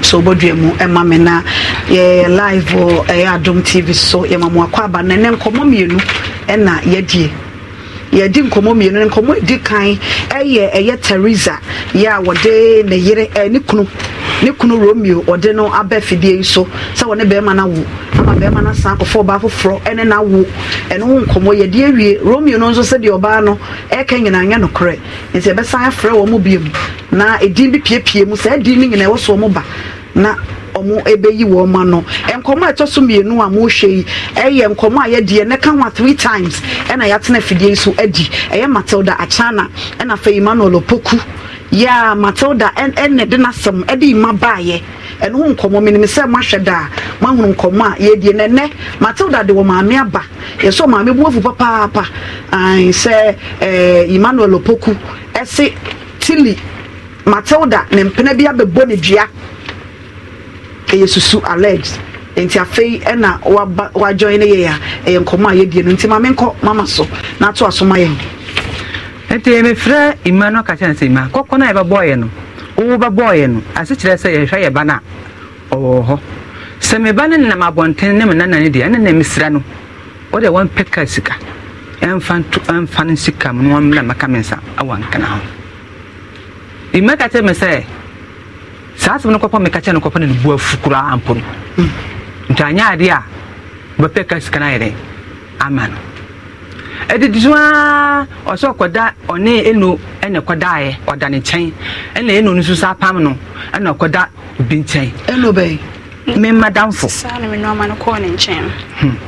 sɛ obɔduamu ma me na yɛyɛ live ɛyɛ adom tv so yɛmamoakɔ abane ne nkɔmmɔmmienu ɛna yɛdie yɛdi nkɔmmɔmienu ne nkɔmmɔ ɛdi kan ɛyɛ ɛyɛ teresa yɛ a wɔde ne yere ne kunu ne kunu romeo ɔde no aba afidie yi so sɛ wɔne bɛrima no awo ama bɛrima no san akɔfɔ ɔbaa foforɔ ne no awo ɛno ho nkɔmmɔ yɛde awie romeo no nso sɛdeɛ ɔbaa no ɛka nyinaa nyɛ nokorɛ nti yɛbɛsan afrɛ wɔn mu biom na ɛdin bi piepie mu saa ɛdin no nyinaa ɛwɔ so wɔn ba na ɔmo ɛbɛyi wɔn ma no nkɔmɔ a ɛtɔ so mmienu a mohwɛ yi ɛyɛ nkɔmɔ a yɛdeɛ ne ka ho a three times ɛna yɛatena afidie yi so adi ɛyɛ matilda akyana ɛna afei emmanuel opoku yà matilda ɛnna ɛde n'asɛm ɛde ima baayɛ ɛno ho nkɔmɔ minim sɛ mahwɛ da a mahunu nkɔmɔ a yɛdie nɛnɛ matilda de wɔ maame aba yɛsɔ maame bu afu papaapa ɛn sɛ ɛɛ e, emmanuel opoku ɛsi e tili matilda ne mpena bi abɛbɔ ne dua ɛyɛ e susu alleged nti afei ɛna waba wajoin ne yɛ a ɛyɛ nkɔmɔ a yɛdie no nti maame nkɔ mama so n'ato aso ma yɛn nti mefrɛ ima no ka kyerɛ no sɛ ima kɔkɔ no a yɛbɛbɔɔyɛ no wowo bɛbɔɔyɛ no ase kyerɛ sɛ yɛhwɛ yɛ ba no a ɔwɔ hɔ sɛ meba no nam abɔnten ne menana no deɛ ɛne na mesira no wode wɔmpɛka sika ɛmfa no sika mu no wɔmmra mɛka me nsa awɔ nkana ho ima ka kyerɛ me sɛ saa asɛm no kɔpɔ meka kyerɛ no kɔpɔ no ne bu afu koraa ampo no mm. nti anyɛ adeɛ a wobɛpɛka sika no ayɛ dɛn ama no ɛdidi so aa ɔsɛ ɔkɔda ɔne eno ɛna yɛ ɔda ne nkyɛn ɛna eno no nso apam no ɛna ɔkɔda obi nkyɛn. eno bɛyi. me madamfo. saa na mi nneɛma no kɔɔ ne nkyɛn.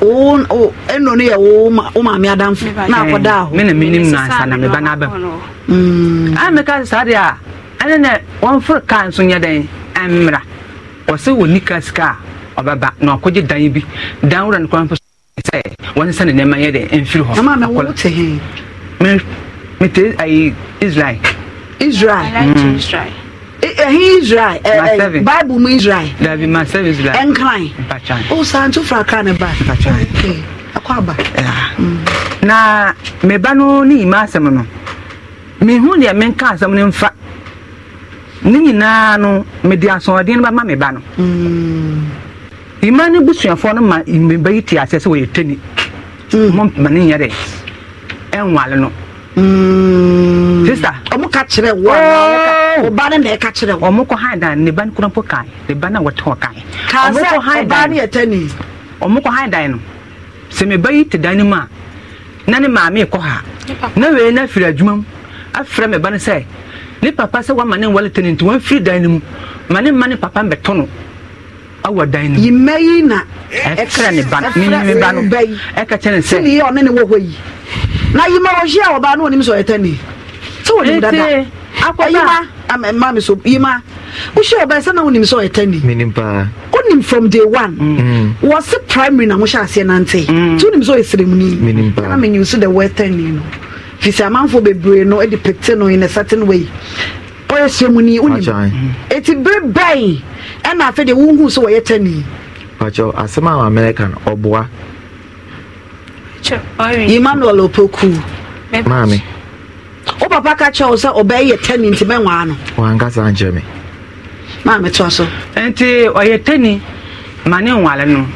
oo hmm. o eno no yɛ oo ma o maame adamfo na akɔda ahɔ. mi na mi nim na ansa na mi ba n'abɛm. a mi ka saa deɛ a ɛne na wɔn foro kaa nso nyɛ dɛn ɔsɛ wɔ nika sika ɔbɛba na ɔkɔgye dan bi dan wura ne so. wɔn nsa ne nneɛma yɛ dɛ mfiri hɔ. mama na wɔn te he. mi mi te ayi israel. israel. ɛhin mm. israel ɛɛ eh, eh, eh, bible mu israel. dabi ma sɛbi israel. ɛnkran. mpatsan. o san tu fura kan ne ba. mpatsan. ok akɔ aba. Mm. na mɛ ba no ne yima asɛm no mɛ hu deɛ mɛ nka asɛm no nfa ne nyinaa no mede asɔɔden no bɛma me ba no mm. ima ne busuafoɔ no ma mbɛyi te aseɛ sɛ wɔyɛ tani mo ntoma ne nyɛ dɛ ɛnwale no mm. sista ɔmo ka kyerɛ wɔ ɔba ne na ɛka kyerɛ wɔ ɔmo kɔ ha dan ne ba no kura mpo kae ne ba no a wɔtɔn kae ɔmo kɔ ha dan ne yɛtɛ ni ɔmo kɔ ha dan no sɛ me ba yi te dan ne mu a na ne maame kɔ ha na wei na firi adwuma mu afrɛ me ba no sɛ ne papa sɛ wama ne nwale tɛ ne nti wɔn firi dan ne mu ma ne ma ne papa mbɛtɔ no awɔ dan no yimɛ yi na ɛkra eh? ne ba no ne ne ba no ɛka kyɛ ne sɛ ne yɛ ɔne ne wɔ hɔ yi na yimɛ wɔ hyi a ɔbaa no onim sɛ ɔyɛ tɛ ne sɛ wɔnim dada akɔda yima mma mi so yima wohyɛ ɔbaa sɛ na wonim sɛ ɔyɛ tɛ ne menim paa wonim from day one mm. mm. wɔ se primary na wohyɛ aseɛ nante mm. nti wonim sɛ ɔyɛ seremuni menim paa na menyim so the wɔ tɛ ne no firi sɛ amanfoɔ bebree no de pɛkte no in a certain way ɔyɛ hyɛ mu ni wonim ɛti mm-hmm. bere bɛn ɛna afei deɛ wohu sɛ wɔyɛ tɛ nii pakyɛw asɛm a america no ɔboa emmanuel opoku maame wo papa ka kyerɛ wo sɛ ɔbɛyɛ tɛni nti bɛwaa no wankasa nkyerɛ me maame toa so nti ɔyɛ tɛni ma ne nwale no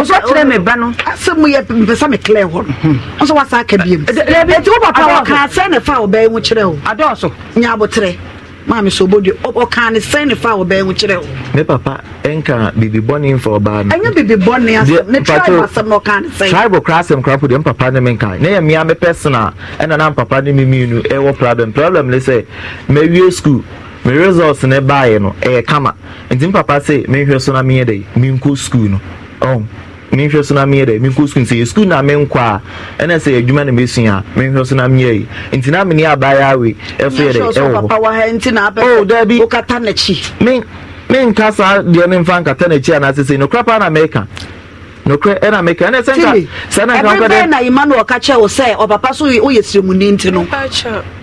ɔsɔ kyerɛ me ba no asɛm mu yɛ mpɛ sɛ meklɛ hɔ no mhm. ɔsɛ woasa ka biam ɛti wo papa wɔka asɛ ne fa a ɔbɛyɛ ho kyerɛ wo adɔɔso nyɛ aboterɛ maame so obo de ɔka ne sɛn ne fa a ɔbɛn ho kyerɛ wo. ne papa nka bibi bɔnni nfa ɔbaa mi. ɛnyɛ bibi bɔnni asɛm ne tribe asɛm na ɔka ne sɛn. tribe kora asɛm kora po de mpapa ne mi nka ne yɛ mmea mi pɛsena ɛna na mpapa ne mi mienu ɛwɔ problem problem ne sɛ mɛwie school me results ne baayɛ no ɛyɛ kama nti mpapa sɛ mehwɛ so na meyɛ dɛ menkɔ school no menhwɛ so na meyɛ dɛ menkɔ skul sɛ skul na menkɔ a ɛnɛ sɛ adwuma na mɛsua a menhwɛ so na meyɛ yi nti na mene abaeɛ awe ɛso yɛ dɛ ɛwɔ hɔ oh, dabi menka saa deɛ ne mfa nkata n'akyi anaasɛ sɛ nokora paa na mɛka nokorɛ ɛna meka ɛnɛ sɛnka sɛ na nka kɔdɛ na ima no ɔka kyerɛ wo sɛ ɔpapa so woyɛ siremuni nti no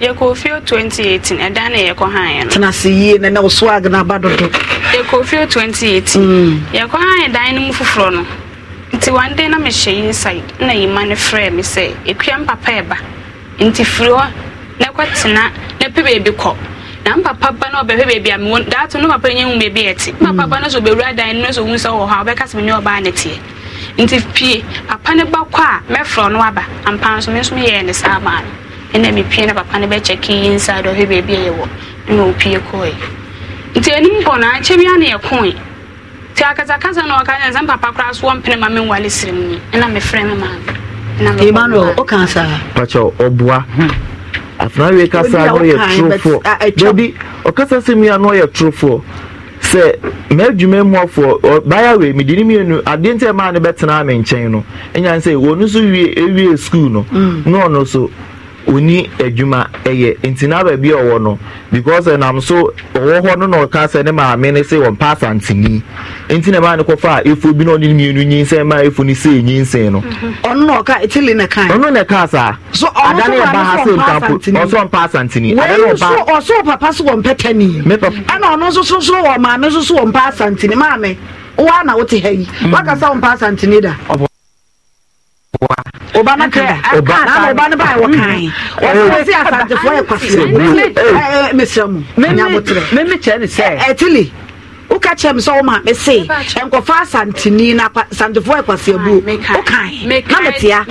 yɛkɔɔ fio 2018 ɛdan na yɛkɔ haeɛ no tena se yie nɛ na wo so agne aba dodo yɛkɔɔ fio 2018 yɛkɔ mm. haeɛ dan no mu foforɔ no nti one day na mehyɛ yi inside na yi ma no frɛ me sɛ epia mpapa ɛba nti firi hɔ na kɔtena na pɛ baabi kɔ na mpapa ba na ɔbɛhwɛ baabi a mewɔ daato no papa nyɛ hu baabi a ɛte mpapa ba no sɛ ɔbɛwura dan no sɛ ɔhu sɛ wɔ hɔ a ɔbɛka sɛ menyɛ ɔbaa ne teɛ nti pie papa ne ba kɔ a mɛfrɛ no aba ampa nso me nso meyɛɛ ne saa maa no ɛna mepie na papa ne bɛkyɛke yi inside ɔhwɛ baabi a yɛwɔ na ɔpie kɔe nti anim bɔ no akyɛ bi a ne yɛkoe nti akasakasa na ɔka sɛ mpapa koraa so wɔmpene ma menwale serɛ mu ɛna mefrɛ me maa emmanuel woka saa pakyɛ ɔboa hmm. afena wie kasa no yɛ torofoɔ baabi ɔkasa sɛ mia no ɔyɛ torofoɔ sɛ m'adwuma mu afoɔ baya wei mede adeɛ nti ɛmaa no bɛtena me nkyɛn no ɛnya sɛ wɔno nso wie ewie no hmm. na ɔno so oni adwuma ɛyɛ nti na baabi a ɔwɔ no because ɛnam eh, so ɔwɔ hɔ no na ɔka sɛ ne maame ne se wɔn paasa ntini nti na maa ne kɔfa efu bi na ɔne ne mmienu nyinsɛn maa efu ne se nyinsɛn no. ɔno na ɔka etili na kan. ɔno na ɛka saa. so ɔno so maa ne sɔn paasa ntini ɔsɔn paasa ntini. wɔyi nso ɔsɔ papa so wɔn pɛtɛ ni. ɛna ɔno nso so wɔ maame nso so wɔn paasa ntini maame mm. wa na wote ha yi wakasa wɔn paasa ntini da. Obama na ọba náà kẹ ọba náà ọba náà báyìí wọ kàn yín ọba sí asantefo ẹ kwasi ẹ eh, eh, eh, mẹsirẹ mu nyabotire mímí kyerẹ ni sẹ ẹ tili woka kyerɛ me sɛ wo ma me se ɛnkɔfa asanteni na asantefoɔ ɛkwase abuo wokae na metea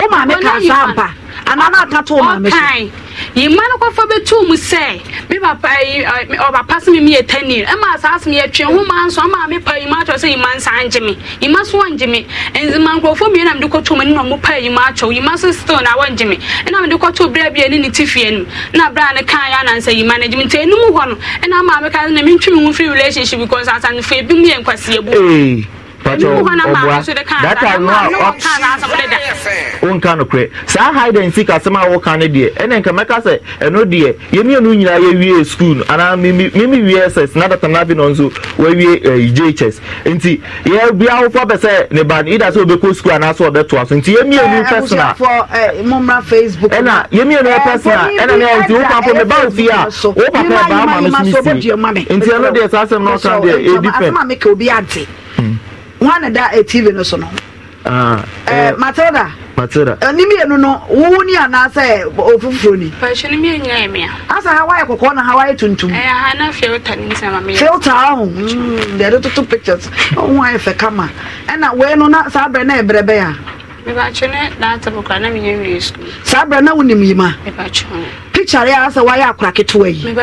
wo maame kaa saa mpa anana aka to maame so ɔkan yi mma no Be bɛtu mu sɛ mi papa yi ɔpapa si mi mi me tani ɛma asaase mi yɛ twɛn ho maa nso ama mi pa yi ma atwɛ sɛ yi ma nsa angye mi yi ma so angye mi nzima nkurɔfoɔ mmienu na mi de kɔtu mu ne na ɔmo pa yi ma atwɛ yi ma so still na awɔ angye mi ɛna mi de kɔtu bere bi ne ne ti fie no na bere a ne kan yɛ anansa yi ma na angye mi nti enum hɔ no ɛna maame ka na mi ntwi mi ho relationship because asanfo ebi me yɛ nkwasi ebu data no a wonka nokorɛ saa hide and seek asɛm eh, a woka no deɛ ɛne nka mɛka sɛ ɛno deɛ yɛmienu nyinaa yɛwie school no anaa mimi wie ss na data nabi no nso wawie jhs nti yɛbia wofo bɛ sɛ ne ba no ida sɛ wobɛkɔ school anaasɛ wɔbɛtoa so nti yɛmienu personal ɛna yɛmienu yɛ personal ɛna ne ɛnti wo papa meba wo fie a wo papa ɛbaa ma me so ne sie nti ɛno deɛ saa asɛm no ɔka deɛ ɛdi wọn da ẹ tv no so no. ẹ ah, eh, eh, matilda. matilda. mmienu eh, no wowu ni anaasẹ ofufuro ni. pàṣẹ ni mmienu yẹn mi a. asa hawa yẹ kɔkɔɔ na hawa yɛ tuntum. ɛ ha na filta ni nsɛm ami yɛ. filta ahun oh, yɛde mm. mm, toto pictures ɔhun oh, ayɛ fɛ kama ɛna wɛn no na saa abɛrɛ na yɛ brɛ bɛyà. mipatwi ne daa bukura na mi yɛ nwi sukuu. saa abɛrɛ na wunim yi ma. mipatwi ne. picture ya sɛ wayɛ akora ketewa yi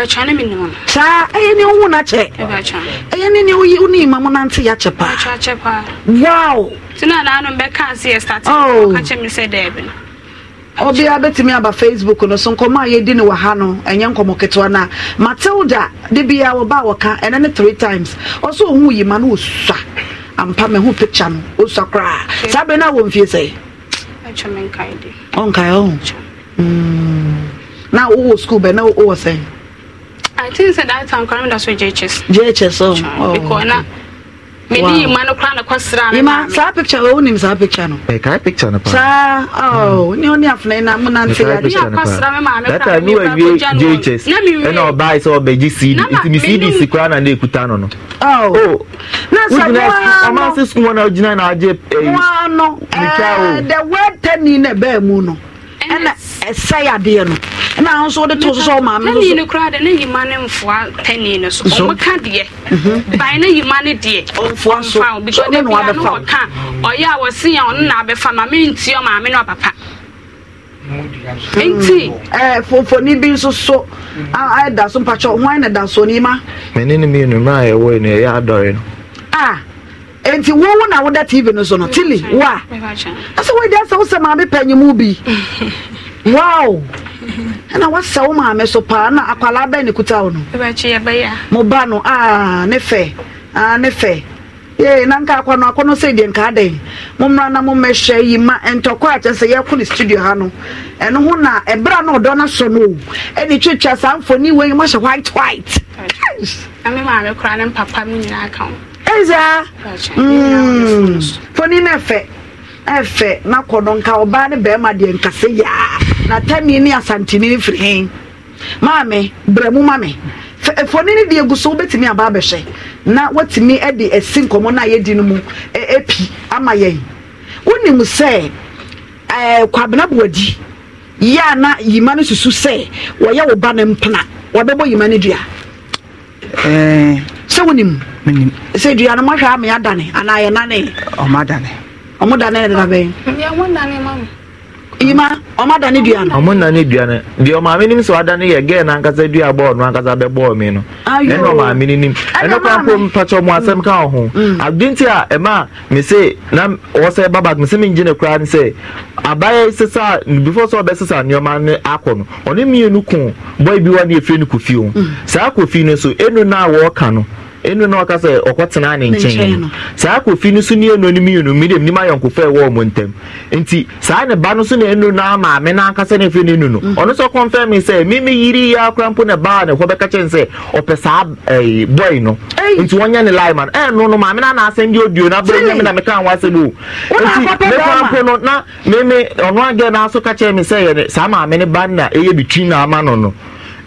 saa ɛyɛ ne wowo no kyɛ ɛyɛ ne ne wo ne ima mo nante yɛ paa wow ɔbia bɛtumi aba facebook no so nkɔmmɔ a yɛdi ne wɔ ha no ɛnyɛ nkɔmmɔ ketewa no a matilda de bia wɔba a wɔka ne three times ɔsɛ ɔhu no ampa picture no koraa saa no a wɔmfie sɛ ɔnkae ɔ na wowɔ school bɛ na wowɔ sɛn I think say that time kora mi da so JHS. JHS o. Oh, oh. Because na mi di ima no kora na kɔ sira mi. Ima saa picture o oh, nim saa picture no. Ɛ eh, kaa picture no pa. Saa ɔɔ oh, hmm. ni o ni afuna ina mu na nse ya. Mi akɔ sira mi maame kora mi ba ko ja no. JHS ɛna ɔbaa yi sɛ ɔbɛgye CD nti mi CD si kora na ne ekuta no no. Oh. Na sa mo ano. Ɔmaa se sukuu hɔ na ogyina na agye. Mo ano ɛɛ the word ten ni na ɛbɛɛ mu no. ɛna ɛsɛ yadeɛ no ɛna ahụ nso wɔde to so sɛ ɔmaa maame nso. tɛnii kura de ne yima ne ne so ɔmo deɛ ban ne yima ne deɛ ɔmfoa so ɔmfoa ne na wabɛfa ɔka ɔyɛ a wɔsi yɛn ɔno na abɛfa nti ɔmaame na ɔpapa. nti ɛɛ bi nso so a da so mpatsɛ hwan na da so ni ma. ne ni mi a yɛwɔ no adɔre ah. no. nti wo wo na woda tv no so no tili wo a ɛsɛ woadi asɛ wo sɛ maame pɛ nyimu bi wow ɛna woasɛ wo maame so paa na akwalaa bɛn ne kuta wo no mo ba no a ne fɛ a ne fɛ ee na nka akɔ no akɔ no sɛ deɛ nka adɛn mo mmra na mo mmɛhwɛ yi ma ntɔkɔ a kyɛ sɛ yɛkɔ ne studio ha no ɛno ho na ɛberɛ na ɔdɔ no sɔ no o ɛne twitwa saa mfoni wei mahyɛ white white ame maame koraa ne mpapa me nyinaa ka ho ɛza foni no ɛfɛ ɛfɛ na kɔnɔ nka ɔbaa ne bɛrima deɛ nkasɛ yaa na tami asantini asantene firi hen maame brɛ mu ma me foni no deɛ gu so wobɛtumi aba abɛhwɛ na watumi de esi nkɔmɔ na a yɛdi no mu ɛpi ama yɛn wonim sɛ eh, kwabena boadi yɛ a na yima no susu sɛ wɔyɛ wo ba no mpena wɔbɛbɔ yima no dua eh. sɛ wonim sɛ dua no mahwɛ ame adane anaa yɛ ɔmo dane ne dabɛn yima dua no ɔmo nane dua no deɛ ɔmaame nim sɛ wadane yɛ gɛɛ no ankasa dua bɔɔ no ankasa bɛbɔɔ me no ɛne ɔmaame no nim ɛno kora mpo mpakyɛ asɛm ka wo ho mm. ade nti a ɛma na ɔwɔ sɛ babak me se mengye ne koraa ne sɛ abayɛ sesa before sɛ ɔbɛsesa nneɛma no akɔ no ɔne mmienu bi ne mm. no saa no so ɛnu ɛnu na ɔka sɛ ɔkɔtena ne nkyɛn saa kofi no so ne ɛnu no mmienu mi dem nima yɔnkofo ɛwɔ wɔn ntam nti saa mm. ne ba eh, no so na ɛnu na maame na ankasa na efi ne nu no ɔno so kɔnfɛn mi sɛ mimi yiri ya akora mpo na baa ne hɔ bɛka kyɛn sɛ ɔpɛ saa ɛɛ bɔi no nti wɔn nyɛ ne lae ma no ɛnu no maame na n'asɛm bi odio na abɛrɛ nyɛ mi na mi ka anwa asɛm o nti mɛfa mpo no na mimi ɔno agɛ na aso ka kyɛn mi sɛ ba na ɛyɛ bitwi na no.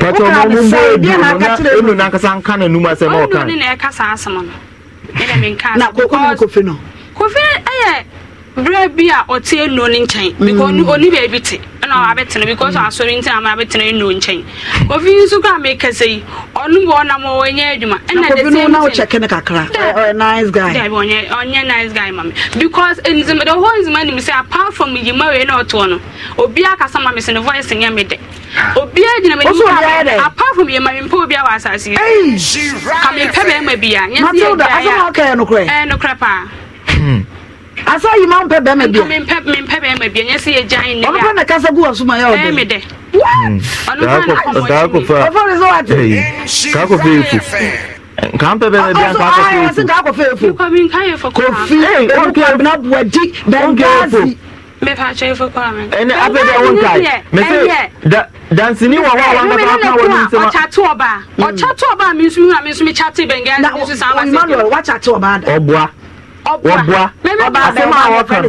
pàtó ọmọ mu mbọ ebi ọmọ na enu n'akasa nka na enum asem ọka. ọdún ni na ẹka saa asem no. na kofi ni kofi no. kofi ayẹ berɛ bi a ɔte eno no nkyɛn because mm. ɔni baabi te ɛna abɛtena because mm. asɔre nti ama abɛtena eno nkyɛn ofi nso kora mekasa yi ɔno wɔ nam ɔnyɛ adwuma ɛna the same thing kyɛke no kakra ɔyɛ nice guy dabi ɔnyɛ ɔnyɛ nice guy mami because nzima the whole nzima nim sɛ apart from yima wei na ɔtoɔ no obi akasa ma me sɛ ne voice nyɛ me dɛ obi agyina m'anim pa apart from yima mi mpa obi a wɔ asase yi ka mepɛ bɛrima bi a nyɛ sɛ yɛ gya a ɛnokorɛ paa hmm asa yi ma mpɛ bɛrima bi. mi mpɛ mi mpɛ bɛrima bi ɛnyɛ si yɛ gyan ne ya. ɔno fɛn na kasa gu ɔsoma yɛ ɔdɛ. bɛrɛ mi dɛ. ɔno fɛn na kɔmɔ nka mpɛ bɛ bi anka akɔfɛ efo nka akɔfɛ efo kofi kofi abina buwadi bengazi ɛnɛ apɛ dɛ wo nkae mɛsɛ dansini wɔ hɔ a wɔnkata aka wɔ ne nsɛm a ɔkyate ɔbaa hmm. ɔkyate ɔbaa mi nso mi nso mi kyate bengazi nso saa wa se ɔboa ɔboa ɔba asɛm a wɔka no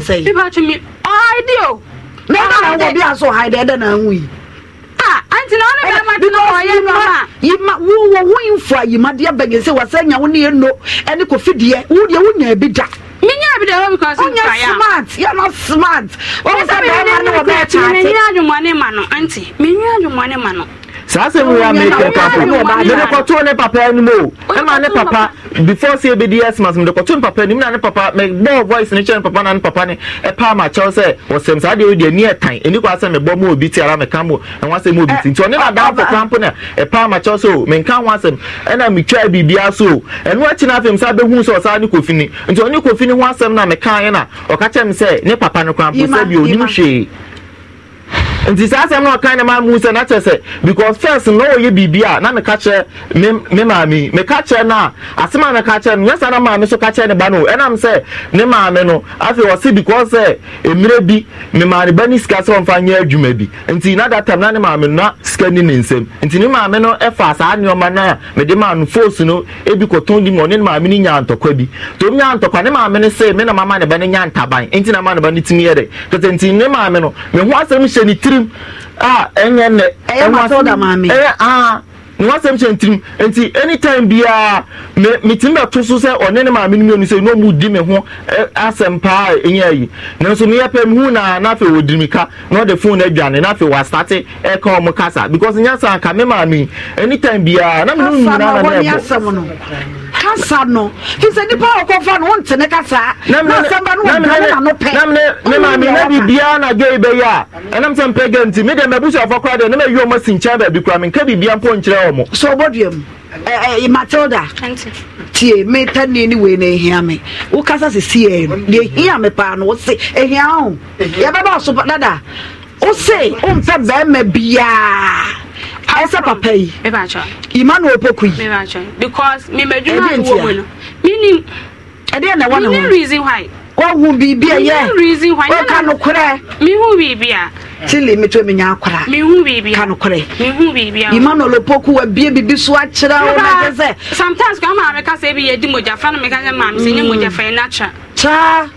na ɛna na wɔ bi aso ha dɛ ɛdɛ na ahu yi wowɔ wo mfo a yimadeɛ bɛnyɛ sɛ wasɛ nya wo ne ɛno ɛne kɔfideɛ wodeɛ wonya bi da minya bi de ɛwɔ because nfa ya smart yɛ no smart wɔn sɛ bɛrima ne wɔ bɛɛ kyaate minya adwumɔne ma no nti minya adwumɔne ma no saa sɛ wura mekɛ kafo mede kɔtoo ne papa anim o ɛma ne papa before sɛ ɛbɛdi asmas mede kɔtoo ne papa anim na ne papa mebɔɔ voice ne kyerɛ ne papa na ne papa ne ɛpaa makyɛw sɛ ɔsɛm saa deɛ wode ani ɛtan ɛni kɔ asɛ mebɔ ma obi te ara meka mo ɛho asɛm obi te nti ɔne nadamfo kampo no ɛpaa makyɛw sɛ o menka ho asɛm ɛna metwaa biribia so o ɛno akyi no afei m saa bɛhu sɛ ɔsaa ne kofini nti ɔne kofini ho asɛm na mekaeɛ na ɔka kyɛ me sɛ ne papa no kwampo sɛ bi ɔnim hwee nti saa asɛm na ɔka ne ma mu sɛ na sɛ because first na ɔyɛ biribi a na meka kyerɛ me me maame meka kyerɛ no a asɛm a meka kyerɛ no nyɛ saa na maame so ka kyerɛ ne ba no ɛnam sɛ ne maame no afei ɔse because sɛ mmerɛ bi me maame ba ne sika sɛ ɔmfa nyɛ adwuma bi nti na data time na ne maame no na sika ni ne nsam nti ne maame no ɛfa saa nneɛma no a mede maa no no ebi kɔtɔn di mu ɔne ne maame no nya ntɔkwa bi to nya ntɔkwa ne maame no se me na mama ne ba ne nya ntaban nti na mama ne ba ne timi yɛ dɛ kɛtɛ nti ne maame no me ho asɛm hyɛ ne tiri ntirim a ɛnyɛ nɛ ɛyɛ masɔw da maame ɛyɛ aa ne wasɛm kyɛ ntirim nti anytime biara me metumi bɛto so sɛ ɔne ne maame no mmienu sɛ ne ɔmu di me ho asɛm paa ɛnyɛ ayi nanso meyɛ pɛ mehu na na afei wɔdiri me ka na ɔde fon no adwane na afei wɔastate ɛka ɔmo kasa because nyɛ sa anka me maame anytime biara na menom nyinaa na na ɛbɔ kasa no fisɛ nipa a ɔkɔfa no wonte ne kasa na asɛmba no wɔdane na no pɛ me maame na biribiaa na dwoi bɛyɛ a ɛnam sɛ mpɛ ga nti medeɛ mabusuafoɔ kora deɛ ne mawie ɔma si nkyɛn baabi kora menka biribia mpo nkyerɛ ɔ mo sɛ ɔbɔdua mu matilda tie me tani ni wei na ehia me wo kasa sisi yɛ no deɛ ehia me paa no wo se ehia o yɛ bɛ ba ɔso dada wo se o mpɛ bɛrima biara ɛsɛ papa yi ima na opoku yi because mebɛdwuma wɔ mu no menim ɛdeɛ na ɛwɔ ne ho menim reason why wahu biribi a yɛ wɔka nokorɛ mehu biribi a tili metɔ menya akora mehu biribi ka nokorɛ mehu biribi a ima na olopoku wa bie biribi so akyerɛ wo na sɛ sometimes kwa maame ka sɛ bi yɛ di mogya fa no meka sɛ maame sɛ nyɛ mogya fa yɛ natural kyaa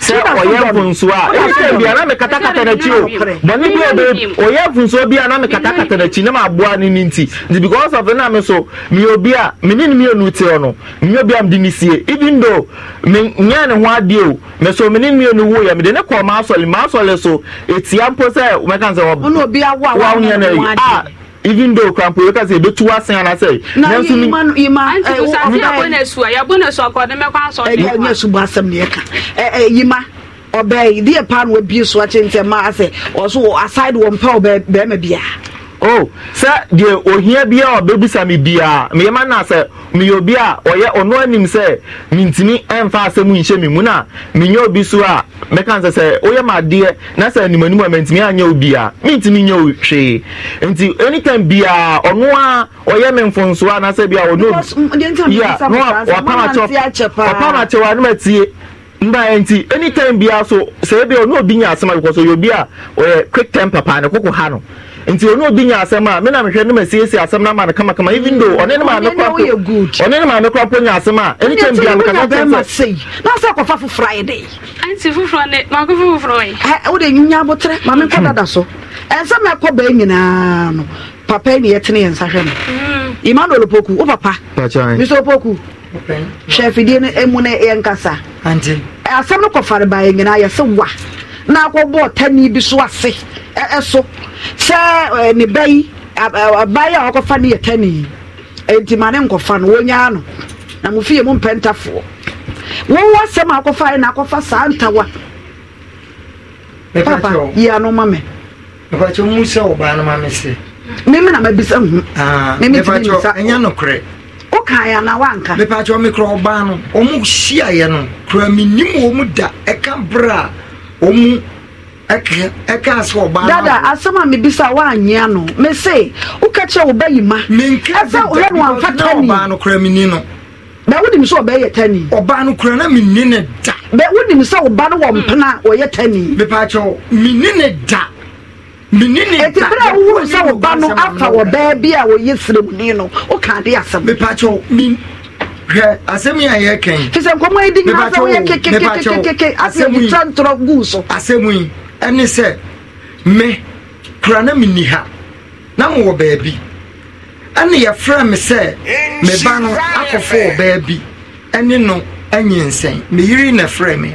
sɛ ɔyɛ mfunso a ɛsɛ bia na mekatakata n'akyi o bɔne bi ɔbɛ ɔyɛ mfunso bi a na mekatakata n'akyi na maboa ne ne nti nti because of na me so meyɛ obi a mene ne mmienu te hɔ no meyɛ obi a mede ne sie even though menyɛ ne ho adeɛ o me so mene ne mmienu wo yɛ mede ne kɔɔ maasɔle maasɔle so ɛtia mpo sɛ mɛka sɛ wɔwonyɛ no a even though krampo yɛ kasa ebetu asen anase. na yɛ ima ima ɛ wo ɔmo da kɔ n'esu a yabɔ n'esu akɔde mɛ kɔ asɔ de wa. Eh, ɛyɛ n'esu bɔ asɛm ni yɛ ka ɛ eh, ɛ eh, yima ɔbɛɛ yi deɛ paanu ebie so akyɛn tɛ maa asɛ ɔso aside wɔn pɛ ɔbɛɛ bɛɛma biara. o oh, sɛ deɛ ohia bia ɔbɛbisa me biaa meyɛma na sɛ meyɛ obi a ɔyɛ ɔno anim sɛ mentumi ɛmfa asɛm nhyɛ me mu no a menyɛ obi so a mɛka sɛ sɛ woyɛ ma adeɛ na sɛ animanim a mantumi anyɛ wo bia mentumi nyɛ wo hwee nti anytime biaa ɔno a ɔyɛ me mfonsoɔ anaasɛ bia ɔnɔpamakyɛw mm, a no matie mba nti anytime biaa so sɛ bia ɔne obi nya asɛm a because ɔyɛ obi a ɔyɛ quick time papa ne koko ha no nti ɔne obi nya asɛm a me na mehwɛ ne ma siesie asɛm no ama no kamakama even though ɔne ne maame mm, ɔne ne kora mpo nya asɛm a anytime bia mekaka kyɛ na sɛ kɔfa foforɔ ayɛ dɛ anti foforɔ ne makɔfa foforɔ ɛ wode nwunya abotrɛ ma menkɔ hmm. dada so ɛnsɛ mɛkɔ baa nyinaa no papa ne yɛtene yɛ nsa hwɛ no hmm. emmanuel opoku wo papa mr opoku hwɛ afidie no mu no yɛnkasa asɛm no kɔfare baa yɛ nyinaa wa na akɔbɔ ɔtani bi so ase ɛso sɛ ne ba yi ɔbaa yi a ɔkɔfa no yɛ tani nti ma ne nkɔfa no wɔnyaa no na mo fie mu mpɛntafoɔ wɔwɔ asɛm a akɔfa yɛ na akɔfa saa ntawa papa yi ano ma me mepakyɛ mu sɛ ɔbaa no ma me se meme na mabisa hu meme timi nsa ɛnyɛ nokorɛ wokaeɛ na woanka mepakyɛ ɔmekorɛ ɔbaa no ɔmo hyiaeɛ no kora menim wɔ mu da ɛka berɛ a ɔmu ɛka ase ɔbaa dada asɛm a mebisa woanyea no mese woka kyerɛ wo ba yi ma ɛsɛ woyɛ no amfa tani ɔbaa no kora meni no bɛ wonim sɛ tani ɔbaa no na menni ne da bɛ wonim sɛ wo no wɔ mpena wɔyɛ hmm. tani ne da sɛ no afa bi a no asɛm hwɛ asɛm yi a yɛ kɛn. sisan nkɔmɔ yi di nyina fɛ o yɛ kekekekeke asɛm yi tura ntura so. asɛm yi ɛni kura na mi ni ha na mo wɔ baabi ɛni yɛ fira mi sɛ me ba no wɔ baabi ɛni no nsɛn na fira mi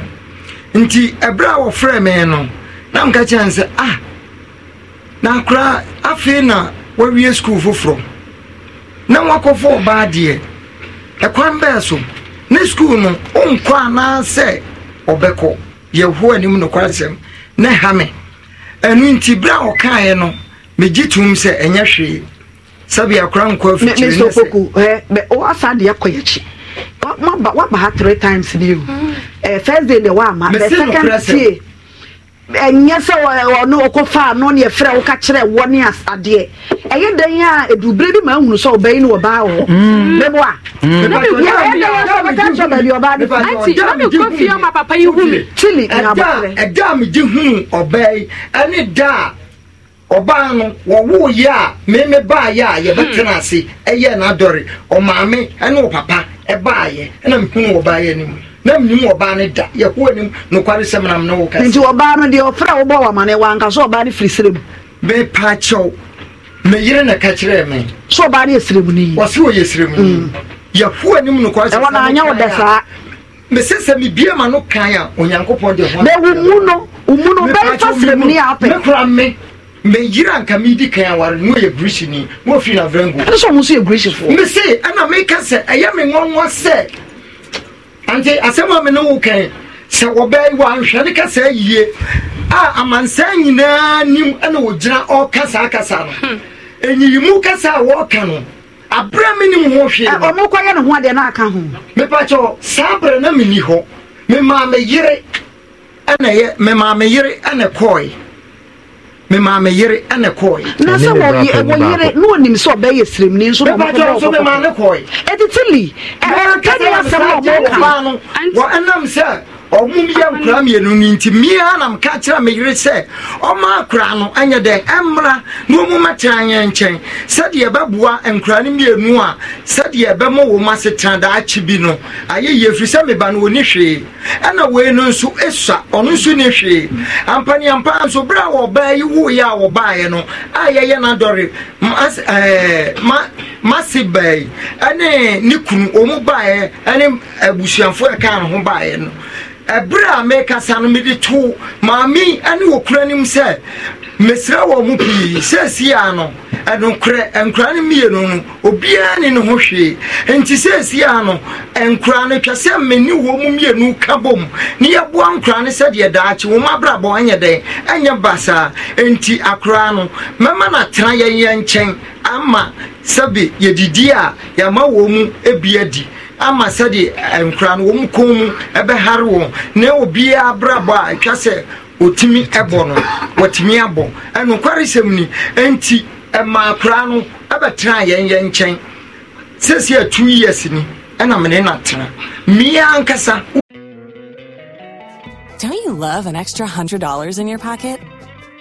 nti ɛbira wɔ fira no na mo kyɛn sɛ ah na akura afei na sukuu foforɔ na ɔbaa deɛ. ɛkwan bɛɛ so ne sukuu no ɔnkɔ anaasɛ ɔbɛkɔ yɛho anim nokwaresɛm ne ha ɛno nti berɛ a ɔkaeɛ no megye tom sɛ ɛnyɛ hwee sɛbi akora nkɔ afikyirewasa deɛ kɔ yɛkyi waba ha three times ne o first hmm. day deɛ waama second day ɛnyɛ sɛ ɔno ɔkɔfa ano ne yɛfrɛ wo ka kyerɛ wɔ ne adeɛ ɛyɛ dan a ɛdubere bi ma ahunu sɛ ɔbɛyi ne ɔbaa wɔ meboa mm. mm. ɛda megye huu ɔbaa yi ɛne da a ɔbaa no wɔwoo yɛ a meme baayɛ a yɛbɛtena mm. ase ɛyɛ n'adɔre ɔmaame ɛne ɔpapa ɛbaayɛ ɛna mehunu ɔbaayɛ no mu na mnim ɔbaa no da yɛkɔ anim nokware sɛm nam ne wo nti ɔbaa no deɛ ɔfrɛ wobɔ wama ne wanka so ɔbaa no firi serɛ mu mepaa kyɛw meyere na ka kyerɛɛ me so ɔbaa no yɛ serɛ mu no yi ɔse ɔyɛ serɛ mu no yi yɛkɔ anim nokware wo dɛ saa mese sɛ mebie ma no kan a onyankopɔn de ho na no wo no bɛmfa serɛ mu no yɛ apɛ mekora me meyira nka medi kan aware no yɛ grishini wɔfiri na ɛne sɛ ɔmo so yɛ grishifoɔ mese ɛna meka sɛ ɛyɛ me sɛ nti asɛm a mene wo kan sɛ wɔbɛyi wɔ ahwɛ ne kasa yie a amansa nyinaa nim ɛna wɔgyina ɔrekasa akasa no ɛnyiyimu hmm. kasa a wɔreka no abere me nim ho hwee ɔno kɔyɛ ne ho adeɛ no aka ho mepakyɛw saa berɛ na menni hɔ memaa me yere ɛna yɛ memaa me yere ɛna kɔɔe memaa me yere ɛna kɔɔe na sɛ wɔyere na ɔnim sɛ ɔbɛyɛ siremni nso mepakyɛw nso memaa ne kɔɔe لي انا كان يا سماك وانا مساك ɔmo bia nkura mmienu ni nti mmea na mka kyerɛ me yere sɛ ɔma akura no ɛnyɛ dɛ ɛmmra na ɔmo mɛtena yɛn nkyɛn sɛdeɛ ɛbɛboa nkura no mmienu a sɛdeɛ ɛbɛma wɔn asetena daakye bi no ayɛ yie firi sɛ meba no wɔni hwee ɛna wei no nso esua ɔno nso ni hwee ampaniampa nso bere a wɔbaa yi wuoyɛ a wɔbaeɛ no a yɛyɛ n'adɔre mas ɛɛ ma masi bɛɛ ɛne ne kunu ɔmo baeɛ ɛne abusuafoɔ ɛka ne no. ɛberɛ a mekasa no mede to maame ne wɔkura nim sɛ mesrɛ wɔ mu pii seesia no ɛnokorɛ nkora no mmienu no obiaa ne ne ho hwee nti seesia no nkora no twa sɛ mene wɔ mu mmienu ka bom ne yɛboa nkora no sɛdeɛ daakye wɔ mu abrabɔ ɛnyɛ dɛn ɛnyɛ basaa nti akora no mɛma no atena yɛn yɛn nkyɛn ama sɛbe yɛdidi a yɛama wɔ mu bi adi ama sɛde eh, nkura no wɔn kɔn mu ɛbɛhare wɔn na obiara abrabɔ a atwa sɛ otumi ɛbɔ no wɔtumi abɔ ɛnokwari sɛm ni nti ɛmaa kura no ɛbɛtena yɛn yɛn nkyɛn sɛsi a two years ni ɛna mene na tena mmea ankasa. Don't you love an extra $100 in your pocket?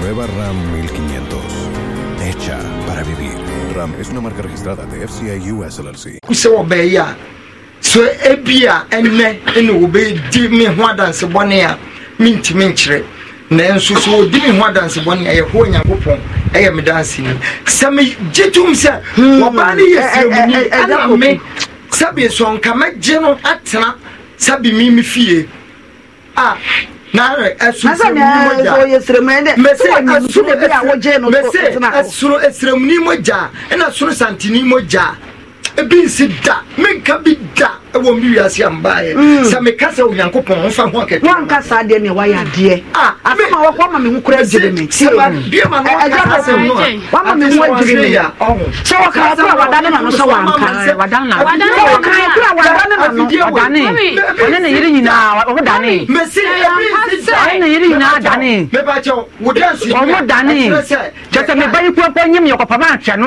Nueva RAM 1500. Hecha para vivir. RAM es una marca registrada de FCI US LLC. so ebia ɛnɛ ɛna wobɛdi me eh, ho adansebɔne a mentimi nkyerɛ nanso sɛ wɔdi me ho adansebɔne a yɛhoɔ onyankopɔn ɛyɛ me danseni sɛ megye tom sɛ wɔbaa no yɛ siamuni ɛna me sɛbe sɛ ɔnka mɛgye no atena sɛbe me me fie ah n'ahịa esuru esuru n'ime gya ɛna suru santi n'ime ebi nsi da menka bi da ɛwɔ mi wiase ambaayɛ sɛ meka sɛ onyankopɔn ɔmfa ho akɛtɛ wanka saa deɛ ne wayɛ adeɛ asɛm a wɔkɔ ama me ho kora agyere me wama me ho agyere me sɛ wɔkaa kora wadane na no sɛ wankaɛkora wadane na no ɔdane ɔne ne yere nyinaa wodane ɔne ne yere nyinaa dane ɔmo dane kyɛ sɛ mebɛyi kuapɔ nyim yɛkɔpama atwɛ no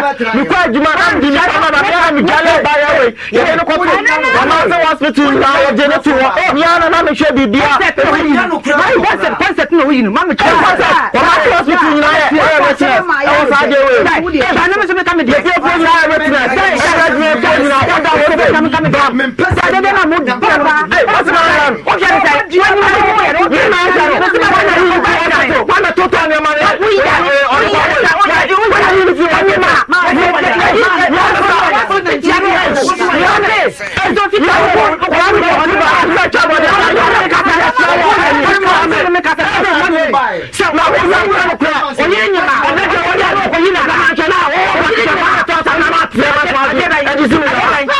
mekɔ adwuma na mede nipa ma mameɛ na medwale baeɛ wei yɛde no kɔto amase hospital na wɔgye no to hɔ mea na na mehwɛ biribiaconcept na woyi no mamekɔmase hospital nyinaa ɛyɛ mɛkyerɛ ɛwɔ saa deɛ weiɛfiɛfuo nyinaa yɛ mɛkyerɛ wannan toto ne ma ne Thank you.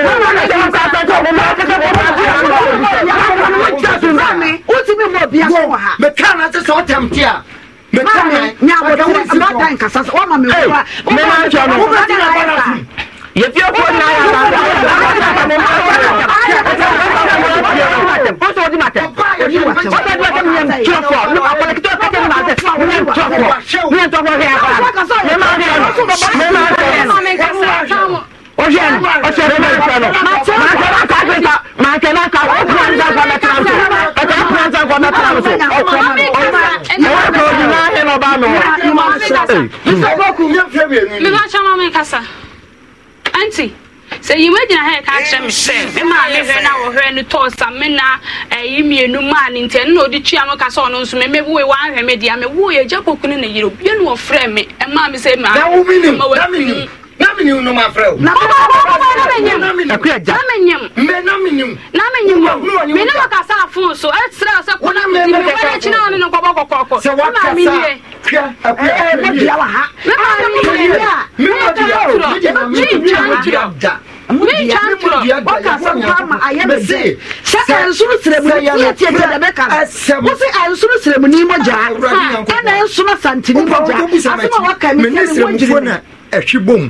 meka na sɛ sɛ ɔtɛmte a yɛfie kɔ nyaaɔsɔdmatɛ ɔhwɛ no ɔhwɛ no mankɛ no aka nso yɛwɔ ka ɔdi n'ahɛ na ɔbaa nɔ auntie sɛ yi wegyina ha ɛka kyerɛ me sɛ me maa me hwɛ no a wɔhwɛ no tɔɔ sa me na ɛyi mmienu maa ne nti ɛno na ɔde tua no ka sɛ ɔno nso me mewoe woanhwɛ me dea mewoe agya koku no ne yere obia ne wɔfrɛ me ɛmaa me sɛ maa ma wɔatim nami ni unu mafrɛ o. na mi ni ɛkuyɛ e eh, eh, oh, ja. na mi ni mu. mbɛ na mi ni mu. na mi ni mu mɛ ne ma ka sa fun so e sira sɛ ko na mi ni mu wɛrɛ kyinɛ wani ni nkɔbɔ kɔkɔkɔ. sɛ wa kasa kuyɛ ɛkuyɛ mi bi awa ha. ne ma mi ni yɛ mi ma di yɛ o mi di yɛ mi di yɛ mi di yɛ da. mi ja ntoro o ka sɛ nko ama ayɛ mi se sɛ ɛnsoro siremuni tiɛ tiɛ tiɛ dɛmɛ kan o sɛ ɛnsoro siremuni mo jaa ɛna ɛnsoro santini mo jaa asoma wa kɛ mi sɛ mi mo jiri. ɛhwi bom